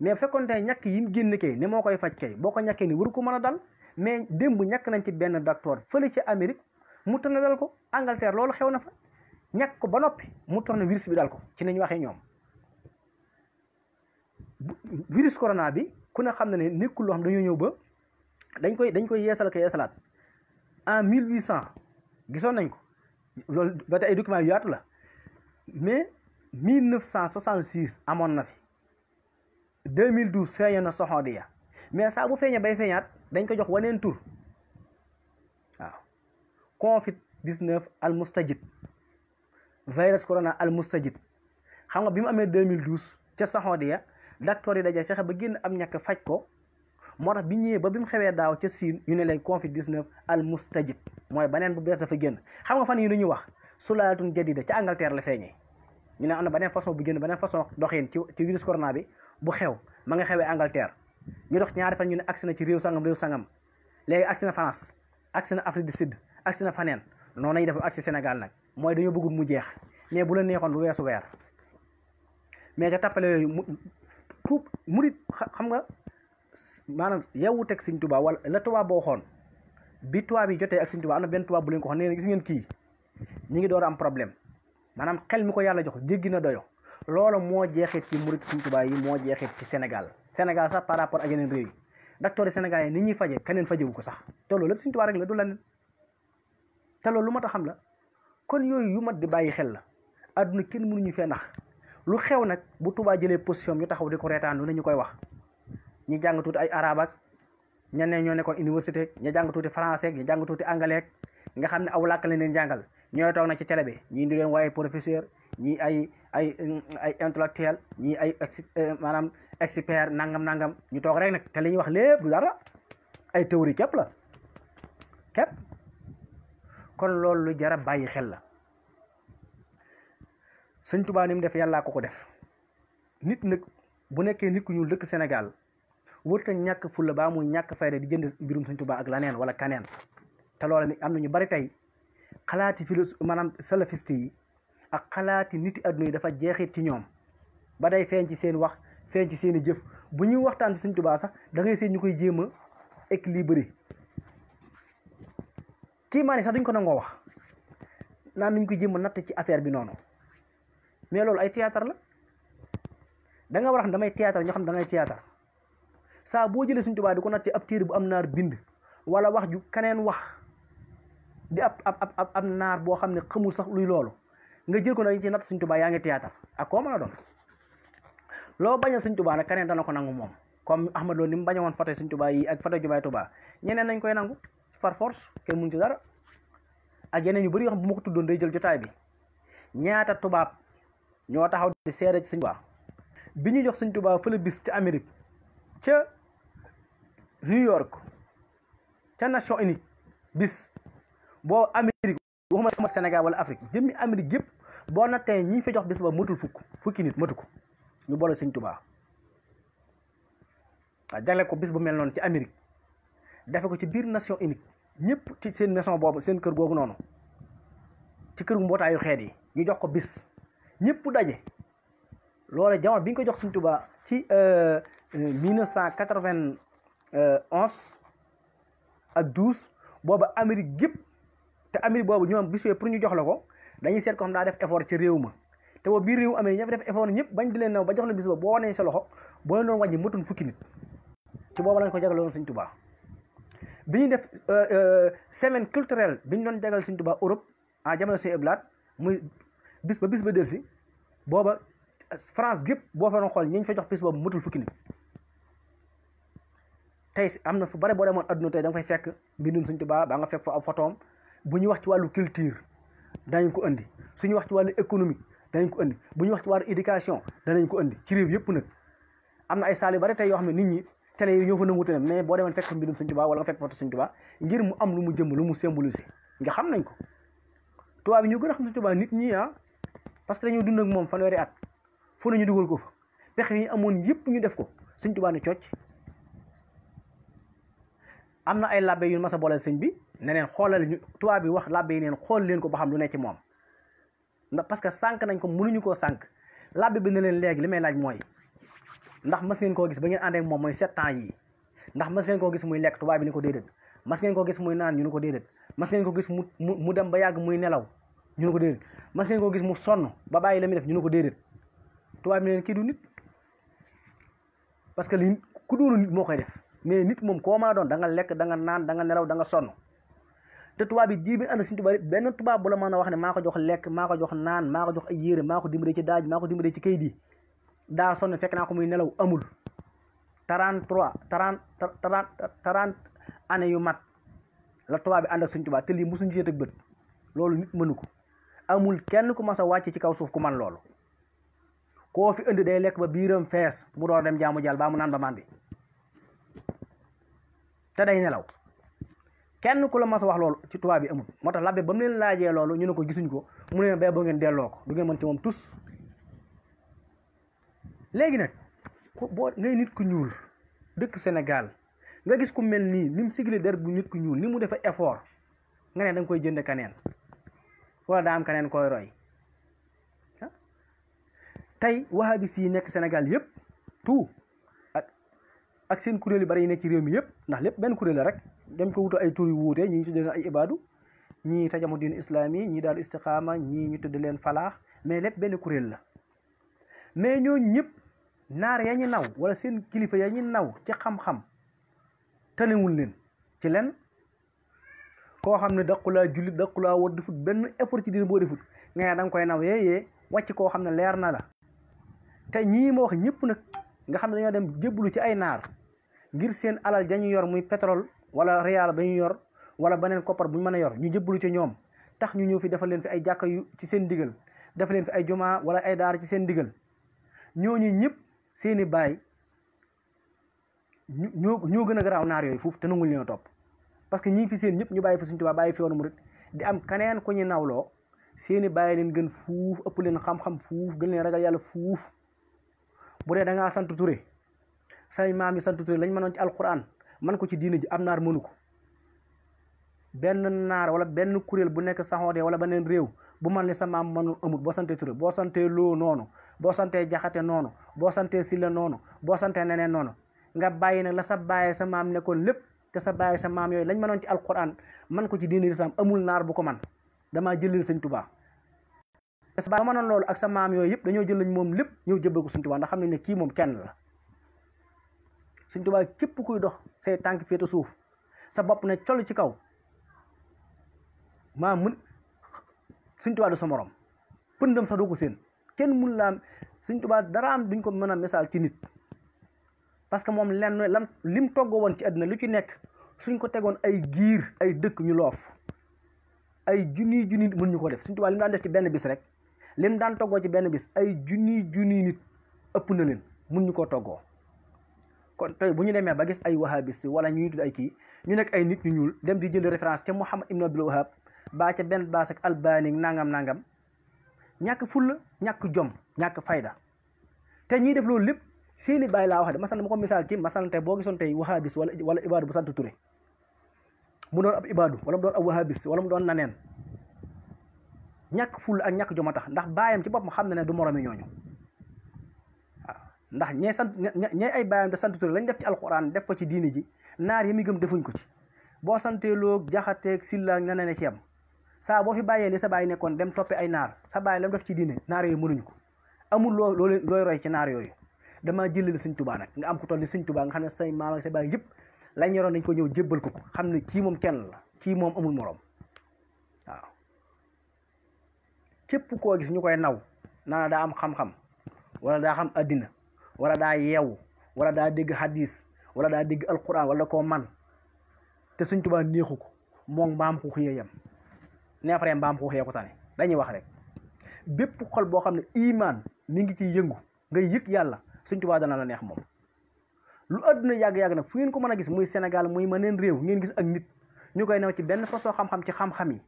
mais fekkoon tey ñàkk yi mu génn kay ne moo koy faj kay boo ko ñàkkee ni waru ko mën a dal mais démb ñàkk nañ ci benn docteur fële ci Amérique mu tourné dal ko Angleterre loolu xew na fa ñàkk ko ba noppi mu na virus bi dal ko ci nañu waxee ñoom virus corona bi ku ne xam na ne nekkul loo xam ñëw ba dañ koy dañ koy yeesal ko yeesalaat en mille huit gisoon nañ ko loolu ba tey ay documents yu yaatu la mais mille neuf cent soixante six amoon na fi deux mille douze feeñe na soxoodiya mais saa bu feeñee bay feeñaat dañ ko jox waneen tur covid 19 al mustajid virus corona al mustajid xam nga bi mu amee 2012 ca Saxoodiya docteur yi daje fexe ba génn am ñàkk faj ko moo tax bi ñëwee ba bi mu xewee daaw ca siin ñu ne leen covid 19 al mustajid mooy baneen bu bees dafa génn xam nga fan yi lu ñuy wax sulaalatun jadida ca Angleterre la feeñee ñu ne am na beneen façon bu génn beneen façon doxin ci ci virus corona bi bu xew ma nga xewee Angleterre ñu dox ñaari fan ñu ne agsi na ci réew sangam réew sangam léegi agsi na France agsi na Afrique agsi na faneen noonu lañuy def agsi Sénégal nag mooy dañoo bëggul mu jeex mais bu la neexoon lu weesu weer mais ca tappale yooyu mu tuub murit xam nga maanaam yeewu teg Sëñ Tuubaa wala la Tuubaa boo xoon bi tubaab yi jotee ak Sëñ Tuubaa am na benn tubaab bu leen ko xam ne gis ngeen kii ñi ngi door am problème maanaam xel mi ko yàlla jox jéggi na doyo loolu moo jeexit ci murit Sëñ Tuubaa yi moo jeexit ci Sénégal Sénégal sax par rapport ak yeneen réew yi docteur Sénégal yi ni ñuy faje keneen fajewu ko sax te lu mat a xam la kon yooyu yu mat di bàyyi xel la àdduna kenn mënuñu fee nax lu xew nag bu tubaa jëlee position ñu taxaw di ko reetaan lu ñu koy wax ñu jàng ay arabe ak ñeneen ñoo nekkoon université ñu jàng tuuti français ñu jàng tuuti anglais nga xam ne aw làkk lañ leen jàngal ñooy toog na ci télé bi ñii di leen waaye professeur ñii ay ay ay intellectuel ñii ay eh, maanaam expert nangam nangam ñu toog rek nag te li ñuy wax lépp du dara ay théorie képp la képp kon loolu lu jara bàyyi xel la sëñ Tuubaa ni mu def yàlla ko ko def nit nag bu nekkee nit ku ñuul dëkk Sénégal wërta ñàkk fulla baa mu ñàkk fayda di jënd mbirum sëñ Tuubaa ak laneen wala kaneen te loolu mi am na ñu bari tey xalaati filos maanaam salafiste yi ak xalaati nit adduna yi dafa jeexit ci ñoom ba day feeñ ci seen wax feeñ ci seen i jëf bu ñuy waxtaan ci sëñ tubaa sax dangay ngay seen ñu koy jéem a équilibré kiimaane sax duñ ko nangoo wax naan nañ ko jéem a ci affaire bi noonu mais loolu ay théâtre la da nga war damay théâtre xam da ngay théâtre sa tuba di ko ci ab téere bu am nar bind wala wax ju keneen wax di ab ab ab ab naar boo xam ne xamul sax luy loolu nga jël ko nag ci natt suñ tubaab yaa teater. théâtre ak koo mën a doon loo bañal tuba tubaab nag da ko comme Ahmad Lo ni mu bañoon foto suñ tuba yi ak foto jumaay tubaab ñeneen nañ koy par force kenn mun ci dara ak yeneen yu bëri yoo xam ma ko tuddoon day jël jotaay bi ñaata tubaab ñoo taxaw di seere ci sëñ bi ñu jox sëñ Tuubaa fële bis ca Amérique ca New York ca Nations Unies bis boo Amérique waxuma la Sénégal wala Afrique jëmmi Amérique yëpp boo nattee ñi fa jox bis ba matul fukk fukki nit matu ko ñu boole sëñ tubaa waaw jagle ko bis bu mel noonu ci Amérique defe ko ci biir Nations Unies ñëpp ci seen messon boobu seen kër googu noonu ci kër mbootaayu xeet yi ñu jox ko bis ñëpp daje loola jamono bi ñu ko jox Sëriñ Tuubaa ci euh, euh, mille neuf cent quatre-vingt-onze ak douze booba Amérique gépp te Amérique boobu ñoom bis yooyu pour ñu jox la ko dañuy seet ko xam daa def effort ci réew ma te boobu biir réew Amérique ña fa def effort ñëpp bañ di leen naw ba jox la bis ba boo wanee sa loxo boo doon wàññi mëtun fukki nit ci booba lañ ko jagaloon Sëriñ Tuubaa bi ñu def euh, euh, semaine culturelle bi ñu doon jagal Sëñ Tuubaa Europe en jamono Sëñ Abdu Lahat muy bis ba bis ba delsi booba France gépp boo fa xool ñi ñu fa jox bis boobu mutul fukki nit tey am na fu bare boo demoon adduna tey da nga fay fekk mbindum Sëñ Tuubaa baa nga fekk fa ab photoom bu ñu wax ci wàllu culture dañu ko indi suñu wax ci wàllu économique danañ ko indi bu ñu wax ci wàllu éducation danañ ko indi ci réew yëpp nag am na ay saal yu bari yoo xam ne nit ñi tele yi ñoo fa nangu tane mais boo demoon fekk fa mbirum Sëñ Tuubaa wala nga fekk fa mu am lu mu jëm lu mu symboliser nga xam nañ ko tubaab yi ñu gën a xam Sëñ Tuubaa nit ñi ah parce que dañoo dund ak moom fanweeri at fu ñu dugal ko fa pexe yi amoon yëpp ñu def ko Sëñ Tuubaa ne cocc am na ay labbe yu mas a booleel sëñ bi ne neen xoolal ñu tubaab bi wax labbe yi neen xool leen ko ba xam lu ne ci moom ndax parce que sànq nañ ko mënuñu koo sànq labbe bi ne leen léegi li may laaj mooy ndax mas koo gis ba ngeen ànd moom mooy sept ndax mas koo gis muy lekk tubaab bi ni ko déedéet mas ngeen koo gis muy naan ñu ni ko déedéet mas ko gis mu mu dem ba yàgg muy nelaw ñu ni ko déedéet mas koo gis mu sonn ba bàyyi la muy def ñu ni ko déedéet tubaab bi leen kii du nit parce que lii ku doonu nit moo koy def mais nit moom koo maa a doon da lekk da nga naan da nga nelaw da nga sonn te tubaab bi ji bi ànd suñu tubaab benn tubaab bu la mën a wax ne maa ko jox lekk maa ko jox naan maa ko jox ay yére maa ko dimbalee ci daaj maa ko dimbalee ci kayit yi daa sonn fekk naa ko muy nelaw amul trente trois trente trente année yu mat la tubaab bi ànd ak suñ tubaab te lii mosuñu ci teg bët loolu nit mënu ko amul kenn ku mas a wàcc ci kaw suuf ku man loolu koo fi indi day lekk ba biiram fees mu door dem jaamu jàll baa mu naan ba màndi te day nelaw kenn ku la mas a wax loolu ci tubaab bi amul moo tax labbe ba mu leen laajee loolu ñu ne ko gisuñ ko mu ne ba boo ngeen delloo ko du ngeen mën ci moom tus léegi nag boo ngay nit ku ñuul dëkk Sénégal nga gis ku mel nii ni mu sigile der bu nit ku ñuul ni mu defee effort nga ne da koy jënd kaneen wala daa am kaneen koy roy ah. tey wahabis yi nekk Sénégal yëpp tout ak ak seen kuréel yu bari yi nekk ci réew mi yëpp ndax lépp benn kuréel la rek dañ ko wuta ay tur yu wuute ñi ñu tuddee ay ibaadu ñii tajamu diin islam yi ñii daal istiqaama ñii ñu tudd leen falaax mais lépp benn kuréel la mais ñooñ ñëpp naar ya ñu naw wala seen kilifa ya ñu naw ci xam-xam tanewul leen ci len koo xam ne daqulaa jullit daqulaa war defut benn effort ci diine boo defut nga ne koy naw wàcc koo xam ne leer na la te ñii ma wax ñëpp nag nga xam ne dañoo dem jébbalu ci ay naar ngir seen alal dañu yor muy pétrole wala réal ba ñu yor wala beneen koppar bu ñu mën a yor ñu jébbalu ci ñoom tax ñu ñëw fi defal leen fi ay jàkka yu ci seen digal defal leen fi ay jumaa wala ay daar ci seen digal ñooñu ñëpp seeni baay ñu ñoo gën a garaaw naar yooyu foofu te nangul ñoo topp parce que ñi fi seen ñëpp ñu bàyyi fa suñ tubaab bàyyi fi mu rek di am keneen ko ñu nawloo seeni bàyyi leen gën fuuf ëpp leen xam-xam fuuf gën leen ragal yàlla fuuf bu dee da ngaa sant Touré say maam yi sant Touré lañ mënoon ci alquran man ko ci diina ji am naar mënu ko benn naar wala benn kuréel bu nekk saxoodee wala beneen réew bu man li sa maam mënul amul boo santee ture boo santee loo noonu boo santee jaxate noonu boo santee silla noonu boo santee neneen noonu nga bàyyi nag la sa bàyyi sa maam nekkoon lépp te sa sa maam yooyu lañ mënoon ci alquran man ko ci diine lislaam amul naar bu ko man damaa jëlil sëñ tubaa te sa bàyyi mënoon loolu ak sa maam yooyu yëpp dañoo jël lañ moom lépp ñëw jëbbal ko sëñ tubaa ndax xam nañ ne kii moom kenn la képp kuy dox say tànk féete suuf sa bopp ne col ci kaw maa mën sëñ tubaa du sa morom pëndam sa doo ko seen Ken mun seigne touba dara am duñ ko mën message ci nit parce que mom lenn lam lim togo won ci aduna lu ci nek suñ ko tegoon ay giir ay dëkk ñu loof ay juni juni mën ñu ko def seigne touba lim daan def ci benn bis rek lim daan togo ci benn bis ay juni juni nit ëpp na leen mun ñu ko togo kon tay buñu démé ba gis ay wahhabis wala ñuy tud ay ki ñu nek ay nit ñu ñul dem di jël référence ci Muhammad ibn Abdul wahhab ba ca benn baas ak albani nangam nangam ñàkk fulla ñàkk jom ñàkk fayda te ñiy def loolu lépp seeni bàyyi laa wax de masalan ma ko misaal ci masalan tey boo gisoon tey wahabis wala wala ibaadu bu sant ture mu doon ab ibaadu wala mu doon ab wahabis wala mu doon naneen ñàkk fulla ak ñàkk jom a tax ndax baayam ci bopp boppam xam na ne du moromi ñooñu waaw ndax ñee sant ñee ay baayam de sant Touré lañu def ci alquran def ko ci diini ji naar yi muy defuñ ko ci boo santeeloo jaxateeg sillaak naneen ci saa boo fi bàyyee li sa bàyyi nekkoon dem toppe ay naar sa bàyyi lam def ci diine naar yooyu mënuñu ko amul loo loo looy roy ci naar yooyu damaa jëlal sëñ tubaa nag nga am ko toll ni sëñ tubaa nga xam ne say maam ak sa bàyyi yëpp lañ yoroon dañ ko ñëw jébbal ko ko xam ne kii moom kenn la kii moom amul moroom waaw képp koo gis ñu koy naw naa daa am xam-xam wala daa xam addina wala daa yeewu wala daa dégg hadis wala daa dégg alquran wala koo man te sëñ tubaa néexu ko moom maam ku xëyee yam neefare ya mbaam xuuxee ko tane dañuy wax rek bépp xol boo xam ne iman mi ngi ci yëngu nga yëg yàlla suñ tubaa dana la neex moom lu àdduna yàgg-yàgg nag fu ngeen ko mën a gis muy sénégal muy mëneen réew ngeen gis ak nit ñu koy new ci benn façon xam-xam ci xam-xam yi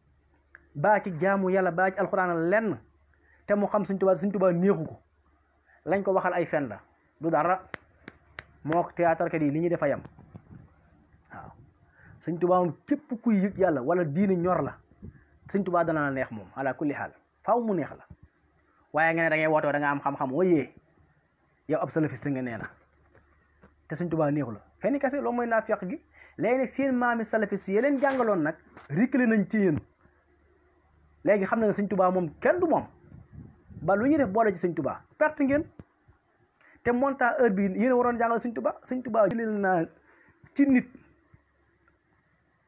baa ci jaamu yàlla baa ci alxuraan lenn te mu xam suñ tubaa suñ tubaa neexu ko lañ ko waxal ay fen la du dara moo théâtre kat yi li ñuy defa yam waaw suñ tubaa képp kuy yëg wala diine ñor la sëñ tubaa dana neex moom ala kulli xaal faaw mu neex la waaye nga a da ngay wootoo da nga am xam-xam ooyee yow ab salafiste nga nee na te sëñ tubaa neexu la fenn kese loolu mooy naafeq gi léegi nag seen maami salafiste yi leen jàngaloon nag rikkale nañ ci yéen léegi xam na ne tubaa moom kenn du moom ba lu ñuy def boole ci sëñ tubaa perte ngeen te montant heure bi yéen a waroon jàngal sëñ tubaa sëñ tubaa jëlee naa ci nit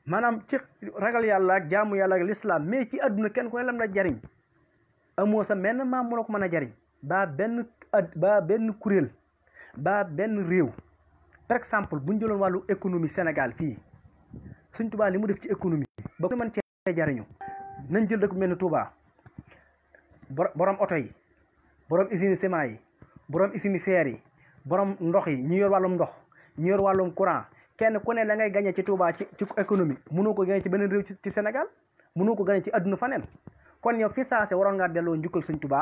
manam ci ragal yalla ak jaamu yalla ak l'islam mais ci aduna ken koy lam la jariñ amo sa men ma mu lako meuna jariñ ba ben ad ba ben kurel, ba ben rew par exemple buñ jëlone walu économie Sénégal fi suñ Touba limu def ci économie ba ko man ci jariñu nañ jël rek men ni Touba borom auto yi borom usine ciment yi borom usine fer yi borom ndox yi ñu yor walum ndox ñu yor walum courant kenn ku nee la ngay gagné ci Touba ci ci économie mënoo ko gagné ci beneen réew ci Sénégal mënoo ko gagné ci adduna faneen kon yow fi saase waroon ngaa delloo njukkal sëñ Touba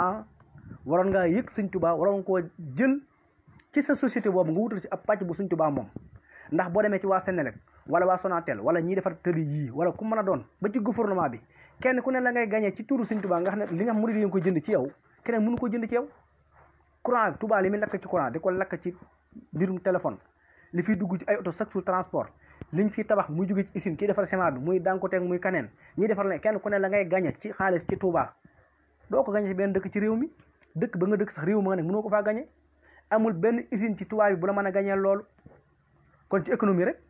waroon ngaa yëg sëñ tubaa waroon ko jël ci sa société boobu nga wutal ci ab pàcc bu sëñ Touba moom ndax boo demee ci waa Sénélec wala waa Sonatel wala ñiy defar tëli yii wala ku mën a doon ba ci gouvernement bi kenn ku ne la ngay gagné ci turu sëñ Touba nga xam ne li nga xam murid ko jënd ci yow keneen mënu ko jënd ci yow courant Touba li muy lakk ci courant ko lakk ci mbirum téléphone li fiy dugg ci ay oto chaque jour transport liñ fi tabax muy jóge ci usine kii defar ciment bi muy dànkuteeg muy kaneen ñiy defar ne kenn ku ne la ngay gañe ci xaalis ci Touba doo ko gañe ci benn dëkk ci réew mi dëkk ba nga dëkk sax réew ma nga nekk mënoo ko faa gañe amul benn usine ci Touba bi bu la mën a gañeel loolu kon ci économie rek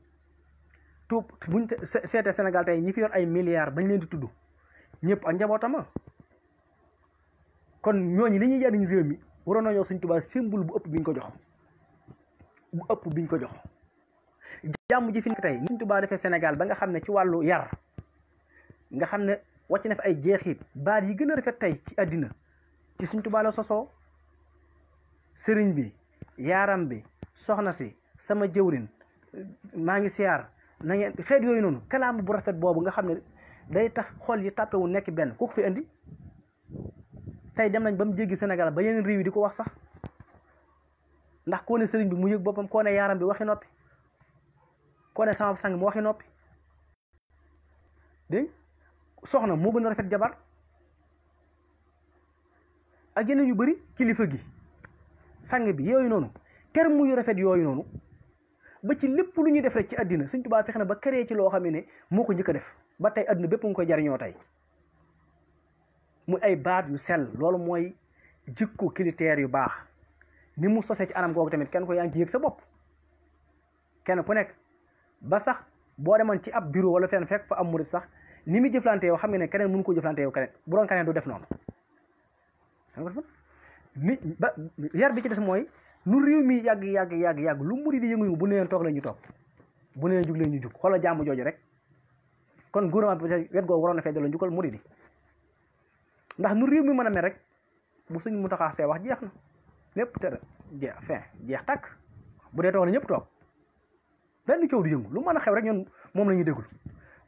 tuub buñ seetee Sénégal tey ñi fi yor ay milliards bañ leen di tudd ñëpp a njabootama kon ñooñu li ñuy jariñ réew mi waroon nañoo suñ Touba symbole bu ëpp biñ ko jox bu ëpp biñ ko jox jàmm ji fi nekk tey Sëriñ Tuubaa defee Sénégal ba nga xam ne ci wàllu yar nga xam ne wàcc na fi ay jeexiit baat yi gën a rafet tey ci àddina ci Sëriñ Tuubaa la sosoo sëriñ bi yaaram bi soxna si sama jëwrin maa ngi siyaar na ngeen xeet yooyu noonu kalaam bu rafet boobu nga xam ne day tax xool yi tàppe wu nekk benn ku ko fi indi tey dem nañ ba mu jéggi Sénégal ba yeneen réew yi di ko wax sax ndax koo ne sëriñ bi mu yëg boppam koo ne yaaram bi waxi noppi koo ne sama sang mu waxi noppi dégg soxna moo gën a rafet jabar ak yeneen yu bari kilifa gi sang bi yooyu noonu terme yu rafet yooyu noonu ba ci lépp lu ñuy def rek ci àddina Sëriñ Tuubaa fexe na ba créé ci loo xam ne moo ko njëkk def ba tey àddina bépp nga koy jariñoo tey muy ay baat yu sell loolu mooy jikko kiliteer yu baax ni mu sosé ci anam googu tamit kenn ko yaa ngi ci sa bop kenn ku nek ba sax bo demone ci ab bureau wala fen fek fa am mourid sax ni mi jëflanté yow xam nga ne keneen mu ko jëflanté yow keneen bu doon keneen du def non ni yar bi ci dess moy nu réew mi yag yag yag yag lu mourid di yëngu bu neen tok lañu tok bu neen jug lañu jug xoola jàmm rek kon gouvernement bi wet go waroon na fee delloo njukkal murit di ndax nu réew mi meuna a mel rek bu suñ mu wax jeex lepp tër jeex fin jeex tak bu ne toog la ñep toog ben ciow du yëngu lu mëna xew rek ñun mom la déggul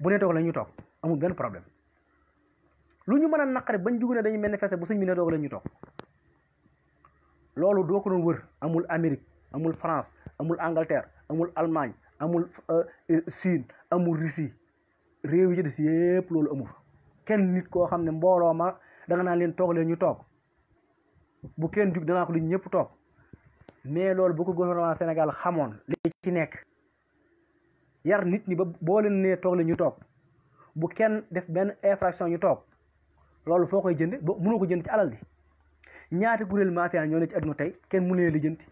bu ne toog la ñuy toog amul ben problème lu ñu mëna a naqare bañ jug ne dañuy manifester bu sëñ bi ne toog la ñuy toog loolu doo ko wër amul amerique amul France amul Angleterre amul Allemagne amul euh, euh, Chine amul Russie réew yi ci yépp lolu loolu amu fa kenn nit ko xamne ne ma da nga na leen toog leen ñu toog bu kenn jug danaa ko li ñëpp toog mais loolu bu ko gouvernement Sénégal xamoon li ci nekk yar nit ñi ba boo leen nee toog la ñu toog bu kenn def benn infraction ñu toog loolu foo koy jënd ba mënoo ko jënd ci alal di ñaati kuréel mafia ñoo ne ci adduna tey kenn mënu leen lijjanti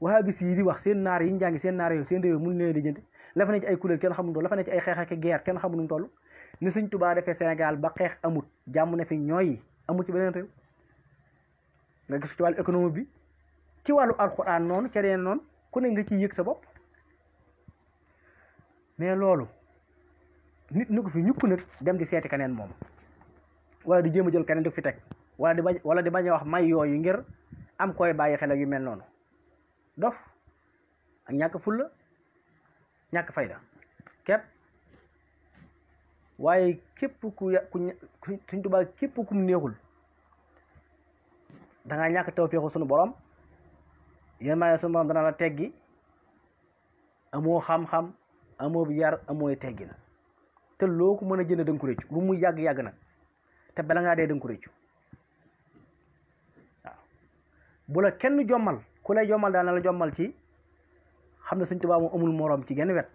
wahabis yi di wax seen naar yi ñu jàngi seen naar yooyu seen réew mënu leen lijjanti la fa ne ci ay kuréel kenn xamul toll la fa ne ci ay xeex ak guerre kenn xamul toll ni Sëñ Tuubaa defee Sénégal ba xeex amut jàmm na fi ñooy amu ci beneen réew nga gis ci wàllu économie bi ci wàllu alxuraan noonu ca reen noonu ku ne nga ciy yëg sa bopp mais loolu nit ñu ko fi ñukk nag dem di seeti keneen moom wala di jéem a jël keneen di fi teg walla di bañ wala di bañ a wax may yooyu ngir am koy bàyyi xel ak yu mel noonu dof ak ñàkk fulla ñàkk fayda képp waaye képp ku ya ku suñ tubaa képp ku mu neexul da ngaa ñàkk tawfeexu sunu borom yéen maa borom dana la teggi amoo xam-xam amoo yar amooy teggin te loo ko mën a jënd da nga lu mu yàgg-yàgg nag te bala ngaa dee da nga ko bu la kenn jommal ku lay jommal daana la jommal ci xam na suñ tubaa moom amul morom ci genn wet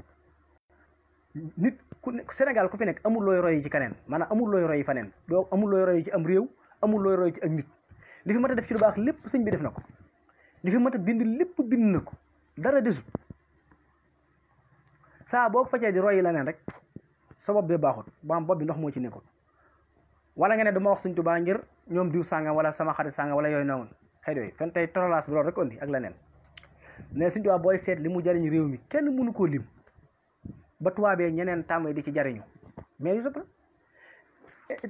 nit ku ne Sénégal ku fi nekk amul looy roy ci keneen maanaam amul looy roy faneen doo amul looy ci am réew amul looy roy ci ak nit li fi mat a def ci lu baax lépp sëñ bi def na ko li fi mat a bind lépp bind na ko dara desul saa boo facee di roy leneen rek bee baaxut ba am bopp bi ndox moo ci nekkul wala nga ne dama wax sëñ Tuubaa ngir ñoom diw sàngam wala sama xarit sàngam wala yooyu noonu xëy yooyu tey toralaas bi loolu rek ak leneen mais sëñ Tuubaa booy seet li mu jariñ réew mi kenn mënu koo lim ba tuwaabee ñeneen tàmbali di ci jariñu mais yu sëpp eh,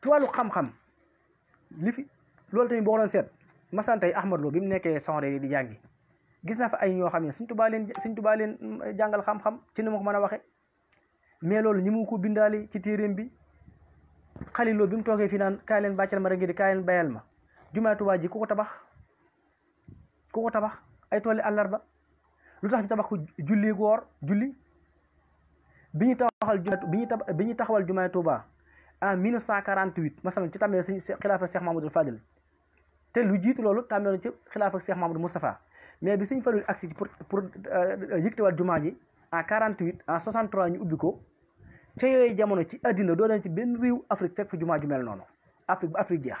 ci wàllu xam-xam li loolu tamit boo doon seet masalan tey Ahmad Lo bi mu nekkee sonre yi di jàngi gis na fa ay ñoo xam ne suñ tubaa leen suñ leen mm, jàngal xam-xam ci ni ma ko mën a waxe mais loolu ñi mu ko bindaale ci téeréem bi xali loo bi mu toogee fii naan kaay leen bàccal ma rek di kaay leen bayal ma jumaa tubaa ji ku ko tabax ku ko tabax ay tooli àllarba lu tax ñu tabax ko julli goor julli bi ñu taxawal jumaa bi ñu taxawal jumaa Touba en 1948 masalan ci tàmmee si xilaafa Cheikh Mamadou Fadil te lu jiitu loolu tàmmee ci xilaafa Cheikh Mamadou Moustapha mais bi Sëñ Fallu agsi pour pour euh, yëkkatiwaat jumaa ji en 48 en 63 ñu ubbi ko ca yooyu jamono ci àddina doo dem ci benn réew Afrique fekk fi jumaa ju mel noonu Afrique ba Afrique jeex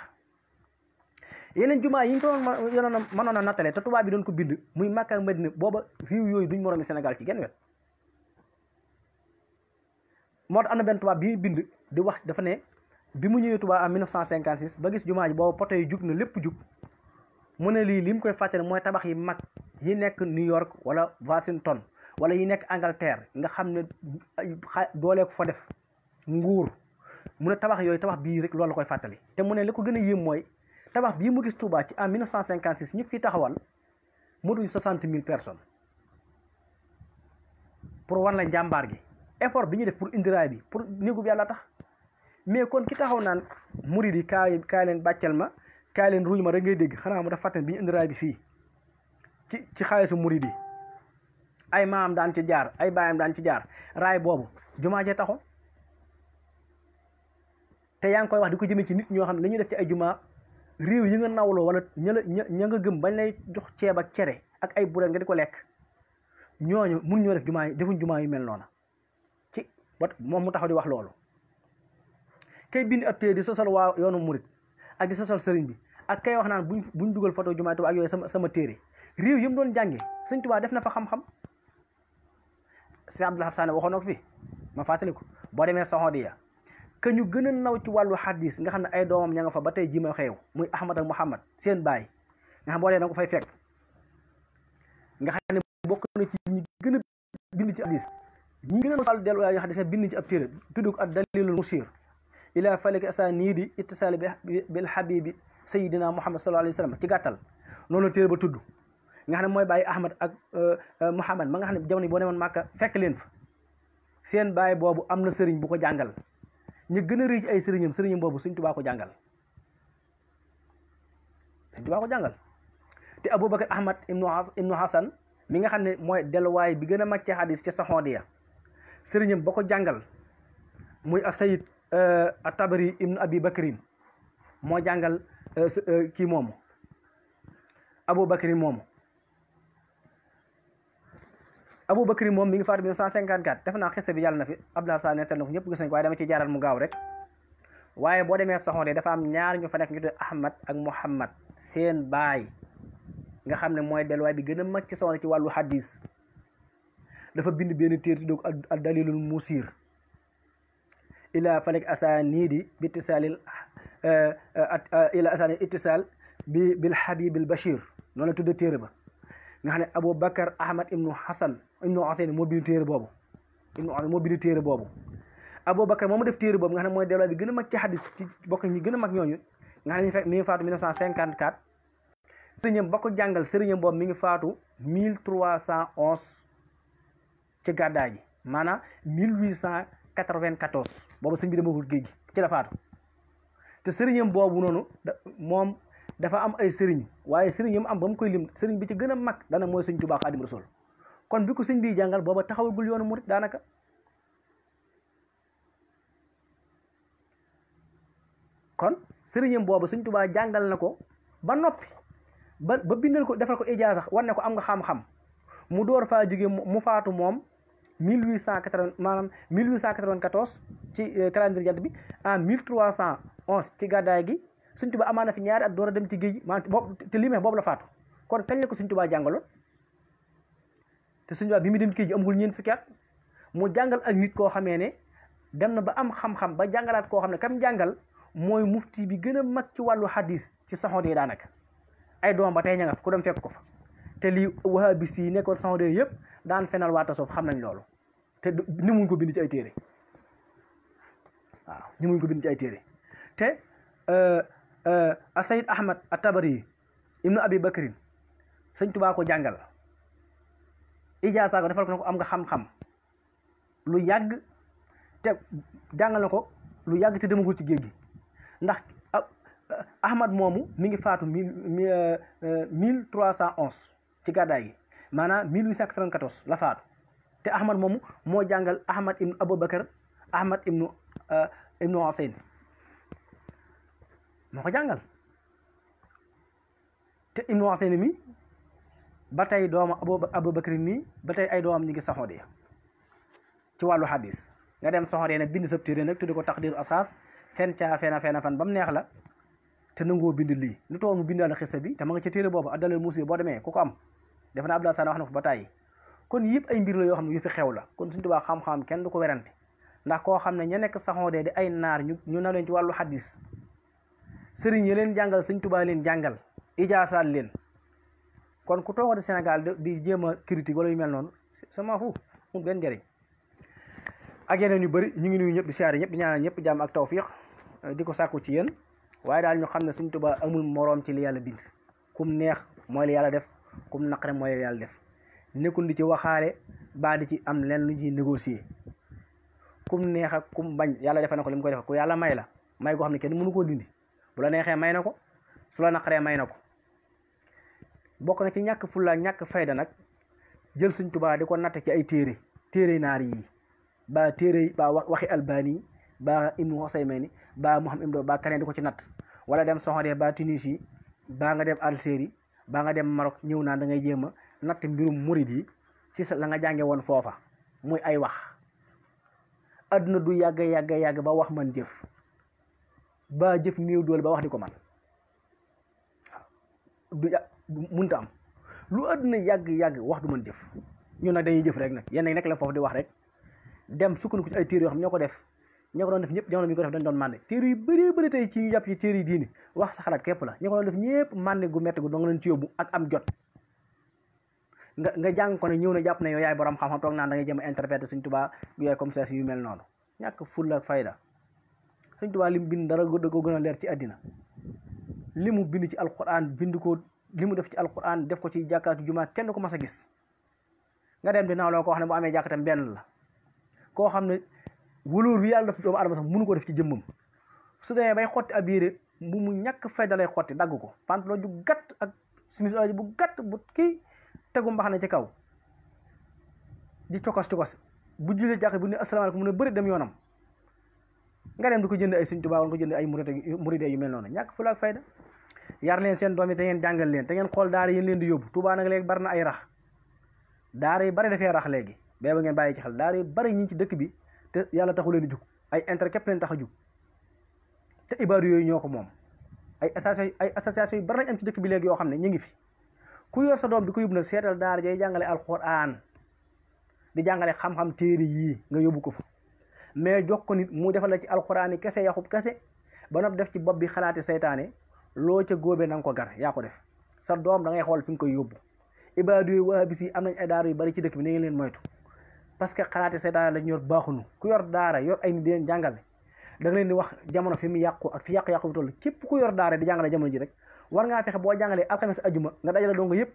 yeneen jumaa yi ñu ko doon mënoon a te tubaab bi doon ko bind muy Makka ak Madina booba réew yooyu duñ moromi Sénégal ci genn wet moo tax am na benn tubaab bi bind di wax dafa ne bi mu ñëwee Touba en 1956 ba gis jumaa ji boobu poto jug na lépp jug mu ne lii li mu koy fàttali mooy tabax yi mag yi nekk New York wala Washington wala yi nekk Angleterre nga xam ne doolee ko fa def nguur mu ne tabax yooyu tabax bii rek loolu la koy fàttali te mu ne li ko gën a yéem mooy tabax bii mu gis Touba ci en 1956 ñu fi taxawal motuñ 60 000 personnes pour wan na njàmbaar gi effort bi ñu def pour indi raay bi pour néegub yàlla tax mais kon ki taxaw naan murid yi kaay kaay leen bàccal ma kaay leen ruuj ma rek ngay dégg xanaa mu dafa fàttali bi ñu indi raay bi fii ci ci xaalisu murid yi ay maam daan ci jaar ay baayam daan ci jaar raay boobu jumaa jee taxoon te yaa ngi koy wax di ko jëmee ci nit ñoo xam ne la def ci ay jumaa réew yi nga nawloo wala ña la ña nga gëm bañ lay jox ceeb ak cere ak ay bureel nga di ko lekk ñooñu mun ñoo def jumaa yi jumaa yu mel noona ba moom mu tax di wax loolu kay bind ab téere di sosal waa yoonu murit ak di sosal sëriñ bi ak kay wax naan buñ buñ dugal photo jumaay Tuubaa ak sama sama téere réew yi mu doon jànge sëñ Tuubaa def na fa xam-xam si Abdul Hasan waxoon na ko fi ma fàttali ko boo demee Saxoodiya que ñu gën a naw ci wàllu hadis nga xam ne ay doomam ña fa ba tey ji ma xeew muy Ahmad ak Muhammad seen baay nga xam boo ko fay fekk nga ne ci ñi gën bind ci hadis ñu gën a fàllu delluwaay yoo xadis nga bind ci ab tire tuddug ak dalilul musir ila falik asaniidi ittisal bil habibi sayyidina muhammad sallallahu alayhi wa sallam ci gatal nonu tire ba tuddu nga xamne moy baye ahmad ak euh, euh, muhammad ma nga xamne ne bo neewon makka fek fekk leen fa seen baye bobu amna na bu ko jangal ñi gëna a ci ay sëriñam sëriñam bobu suñ tuba ko jangal suñ tuba ko jangal te ahmad ibnu hasan mi nga xamne moy delu way bi gëna a hadith ci hadis sëriñam ba ko jàngal muy asayid euh, atabari ibnu abi bakrin moo jàngal euh, euh, kii moom abou bakrin moomu abou bakrin moom mi ngi faatu 1954 def naa xese bi yàlla na fi abdullah sa nettal na ko ñëpp gis nañ mu gaaw rek waaye boo demee saxoon dafa am ñaar ñu fa nekk ñu tudd ahmad ak muhammad seen baay nga xam ne mooy delluwaay bi gën a mag ci saxoon ci wàllu hadis dafa bind benn téere tudde ko ak dalilul musir ila falek asanidi bi ittisalil eh, eh, ila asani ittisal bi bil habibil bashir noonu la tudde téere ba nga xam ne abou bakar ahmad ibnu hasan ibnu hasan moo bind boobu ibnu hasan moo bind téere boobu abou bakar moomu def téere boobu nga xam ne mooy delloo bi gën a mag ci hadis bokk ñi gën a mag ñooñu nga xam ne fekk mi ngi faatu 1954 sëriñam ba ko jàngal sëriñam boobu mi ngi faatu 1311 ci gàddaa ji maanaam 1894 boobu sëñ bi dama wut géej gi ci la faatu te sëriñam boobu noonu moom dafa am ay sëriñ waaye sëriñ yam am ba mu koy lim sëriñ bi ci gën a mag dana mooy sëñ Tuubaa Xaadimu Rasuul kon bi ko sëñ bi jàngal booba taxawagul yoonu murit daanaka kon sëriñëm boobu sëñ Tuubaa jàngal na ko ba noppi ba ba bindal ko defal ko ijaa sax wan ne ko am nga xam-xam mu door faa jóge mu faatu moom 1880 maanaam 1894 ci euh, calendrier jant bi en 1311 ci gàddaay gi Sëñ Tuubaa amaan fi ñaari at dem ci géej gi maanaam te limee boobu la faatu kon kañ la ko Sëñ te bi mu dem ci amul mu ak nit ne dem na ba am xam-xam ba jàngalaat koo xam kam jàngal mooy mufti bi ci hadis ci saxoon yi ay doom ba tey ña ku dem fekk ko fa te li wahabisi nekkon nekkoon saxoon yëpp daan fenal wa tassof xam nañ te ni muñ ko bind ci ay téere a ni muñ ay téere te euh, euh, asayid ahmad atabari ibnu abi bakrin sëñ tubaako ko jàngal ijaasa ko defal ko na ko am nga xam-xam lu yàgg te jàngal na ko lu yàgg te demagul ci géej gi ndax ahmad moomu mi ngi faatu euh, mille trois cent onze ci gàddaay gi maanaam mille huit la faatu te ahmad moomu moo jàngal ahmad ibnu aboubacar ahmad ibnu euh, ibnu husayn moo ko jàngal te ibnu seen mi ba tey dooma aboubacar mi ba tey ay doomam ñi ngi saxoodee ci wàllu hadis nga dem saxoodee nag bind sab téere nag tuddi ko taqdiru asxaas fen caa fena fena fan ba neex la te nangoo bind lii lu toon mu bindaale xissa bi te ma nga ca téere boobu addalal boo demee ku ko am def na abdoulaye sane wax na ba tàyyi kon yëpp ay mbir la yo xamne yu fi xew la kon suñu tuba xam-xam kenn duko wérante ndax ko xamne ña nek saxon de di ay nar ñu ñu naw leen ci walu hadith sëriñ yi leen jàngal suñ tubaa leen jangal ijaasal leen kon ku toogati senegal di jema critique wala yu mel non sama fu mu ben jari ak yeneen yu bari ñu ngi nuyu ñep di siyaare ñep di ñaanal ñëpp ak tawfiq di sakku ci yeen waye dal ñu xamne suñu tuba amul morom ci li yalla bind kum neex moy li yalla def kum naqare moy li yalla def nekkul di ci waxaale baa di ci am leen lu ñuy négocier kum neex ak kum bañ yàlla defa na ko li mu koy defal ku yàlla may la may goo xam ne kenn mënu koo dindi bu la neexee may na ko su la naqaree may na ko bokk na ci ñàkk fulla ñàkk fayda nag jël suñ tubaa di ko natt ci ay téere téere naar yi ba téere yi ba waxi albani yi ba may ni ba Muhammad ibnu ba kaneen di ko ci natt wala dem soxodee ba Tunisie ba nga dem Algérie ba nga dem Maroc ñëw naa da jéem a natt mbirum murid di, ci la nga jànge won fofa muy ay wax aduna du yag yag yag ba wax man jëf ba jëf niou dool ba wax di man ya, du munta am lu aduna yag yag wax du man jëf ñu nag dañuy jëf rek nak yene nak la fofu di wax rek dem sukkandiku ci ay téré xam ñoko def ñoko don def ñep jamono mi ko def dañ don mané téré yu bëré bëré tay ci ñu jàpp ci téré diini wax sa xalaat képp la ñoko don def ñep mané gu metti gu nga ci yobbu ak am jot nga nga jàng ko ne ñëw na jàpp ne yow yaay borom xam-xam toog naan da ngay jëm a interpréter Sëñ Tuubaa yooyu comme ça yu mel noonu ñàkk fulla ak fayda Sëñ Tuubaa li mu bind dara da ko gën a leer ci àddina li mu bind ci alquran bind ko li mu def ci alquran def ko ci jàkkaatu jumaa kenn ko mas a gis nga dem di naaw loo ko xam ne boo amee jàkkatam benn la koo xam ne wulóor wi yàlla def doomu adama sax mënu ko def ci jëmmam su demee bay xotti ab yére bu mu ñàkk fayda lay xotti dagg ko pantalon ju gàtt ak simis bu gàtt bu kii tegu na ci kaw di cokos cokos bu jullee jàkk bu ne asalaamaaleykum mu ne bari dem yoonam nga dem di ko jënd ay Sëñ Tuubaa woon ko jënd ay muride yu mel noonu ñàkk fu la ak fayda yar leen seen doom yi te ngeen jàngal leen te ngeen xool daara yéen leen di yóbbu Tuubaa nag léegi bari na ay rax daara yi bari dafee rax léegi bee ba ngeen bàyyi ci xel daara yi bari ñi ci dëkk bi te yàlla taxu leen di jug ay intérêt képp leen tax a jug te ibaadu yooyu ñoo ko moom ay association ay association yu bari lañ dëkk bi léegi yoo xam ne ñu ngi fi ku yor sa dom di ko yóbbu nag seetal daara jay jàngale alquran di jangale xam-xam téere yi nga yobou ko fa mais jox ko nit mu defal ci alquran kesse kese kesse kese ba noppi def ci bob bi xalaati setané loo ca góobee nang ko gar yaa ko def sa dom da ngay xol fi ko yobou ibadu wa habisi amna ay daara yu bari ci dekk bi ne ngeen len moytu parce que xalaati setané la ñor baaxunu ku yor dara yor ay nit di len jangale da nga di wax jamono fi mi yaqku ak fi yaq yaqku tollu ku yor dara di jangale jamono ji rek war ngaa fexe boo jàngalee alxames ajuma nga dajale dongo yëpp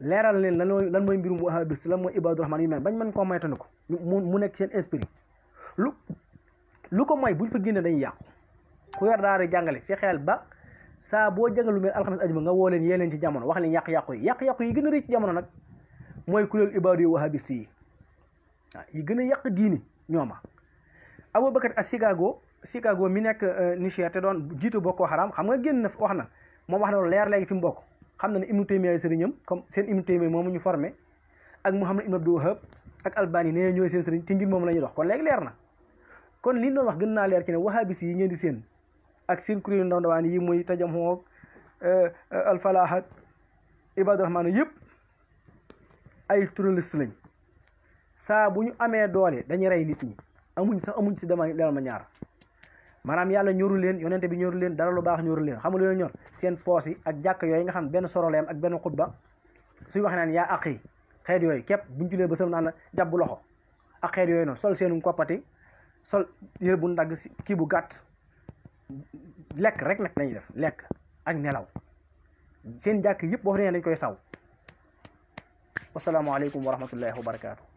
leeral leen lan lan mooy mbirum wahabis lan mooy ibadu rahman yu mel bañ mën koo maytanu ko mu nekk seen esprit lu lu ko mooy buñ fa génne dañuy yàqu ku yor daara jàngale fexeel ba saa boo jàngal lu mel alxames ajuma nga woo leen leen ci jamono wax leen yàq-yàqu yi yàq-yàqu yi gën a rëy ci jamono nag mooy kuréel ibadu yi wahabis yi waaw yi gën a yàq diini ñooma Aboubacar a Chicago Chicago mi nekk euh, Niger te doon jiitu Boko Haram xam nga génn na wax na moom wax na loolu leer léegi fi mu bokk xam na ne Ibn Taymiya ay sëriñam comme seen Ibn Taymiya moomu ñu formé ak Muhammad Ibn Abdul Wahhab ak Albani nee ñooy seen sëriñ ci ngir moom la ñuy dox kon léegi leer na kon li ñu wax gën naa leer ci ne wahabis yi ngeen di seen ak seen kuréelu yi muy tajam xoog alfalaah ak euh, yëpp ay turaliste lañ saa bu ñu amee doole dañuy rey nit ñi amuñ sax amuñ si dama leeral ma ñaar manam yalla ñoru leen yonente bi ñoru leen dara lu baax ñoru leen xamul leen ñor seen poos yi ak jakk yoy nga xam ben sorolem ak ben khutba su wax naan ya akhi yi yoy kep buñ julé beusam sam naan loxo ak xeet yoy noonu sol seenu kopati sol yëre bu ndag ki bu gàtt lek rek nak nañ def lek ak nelaw seen jakk yep bo xam dañ koy saw alaykum wa rahmatullahi wa barakatuh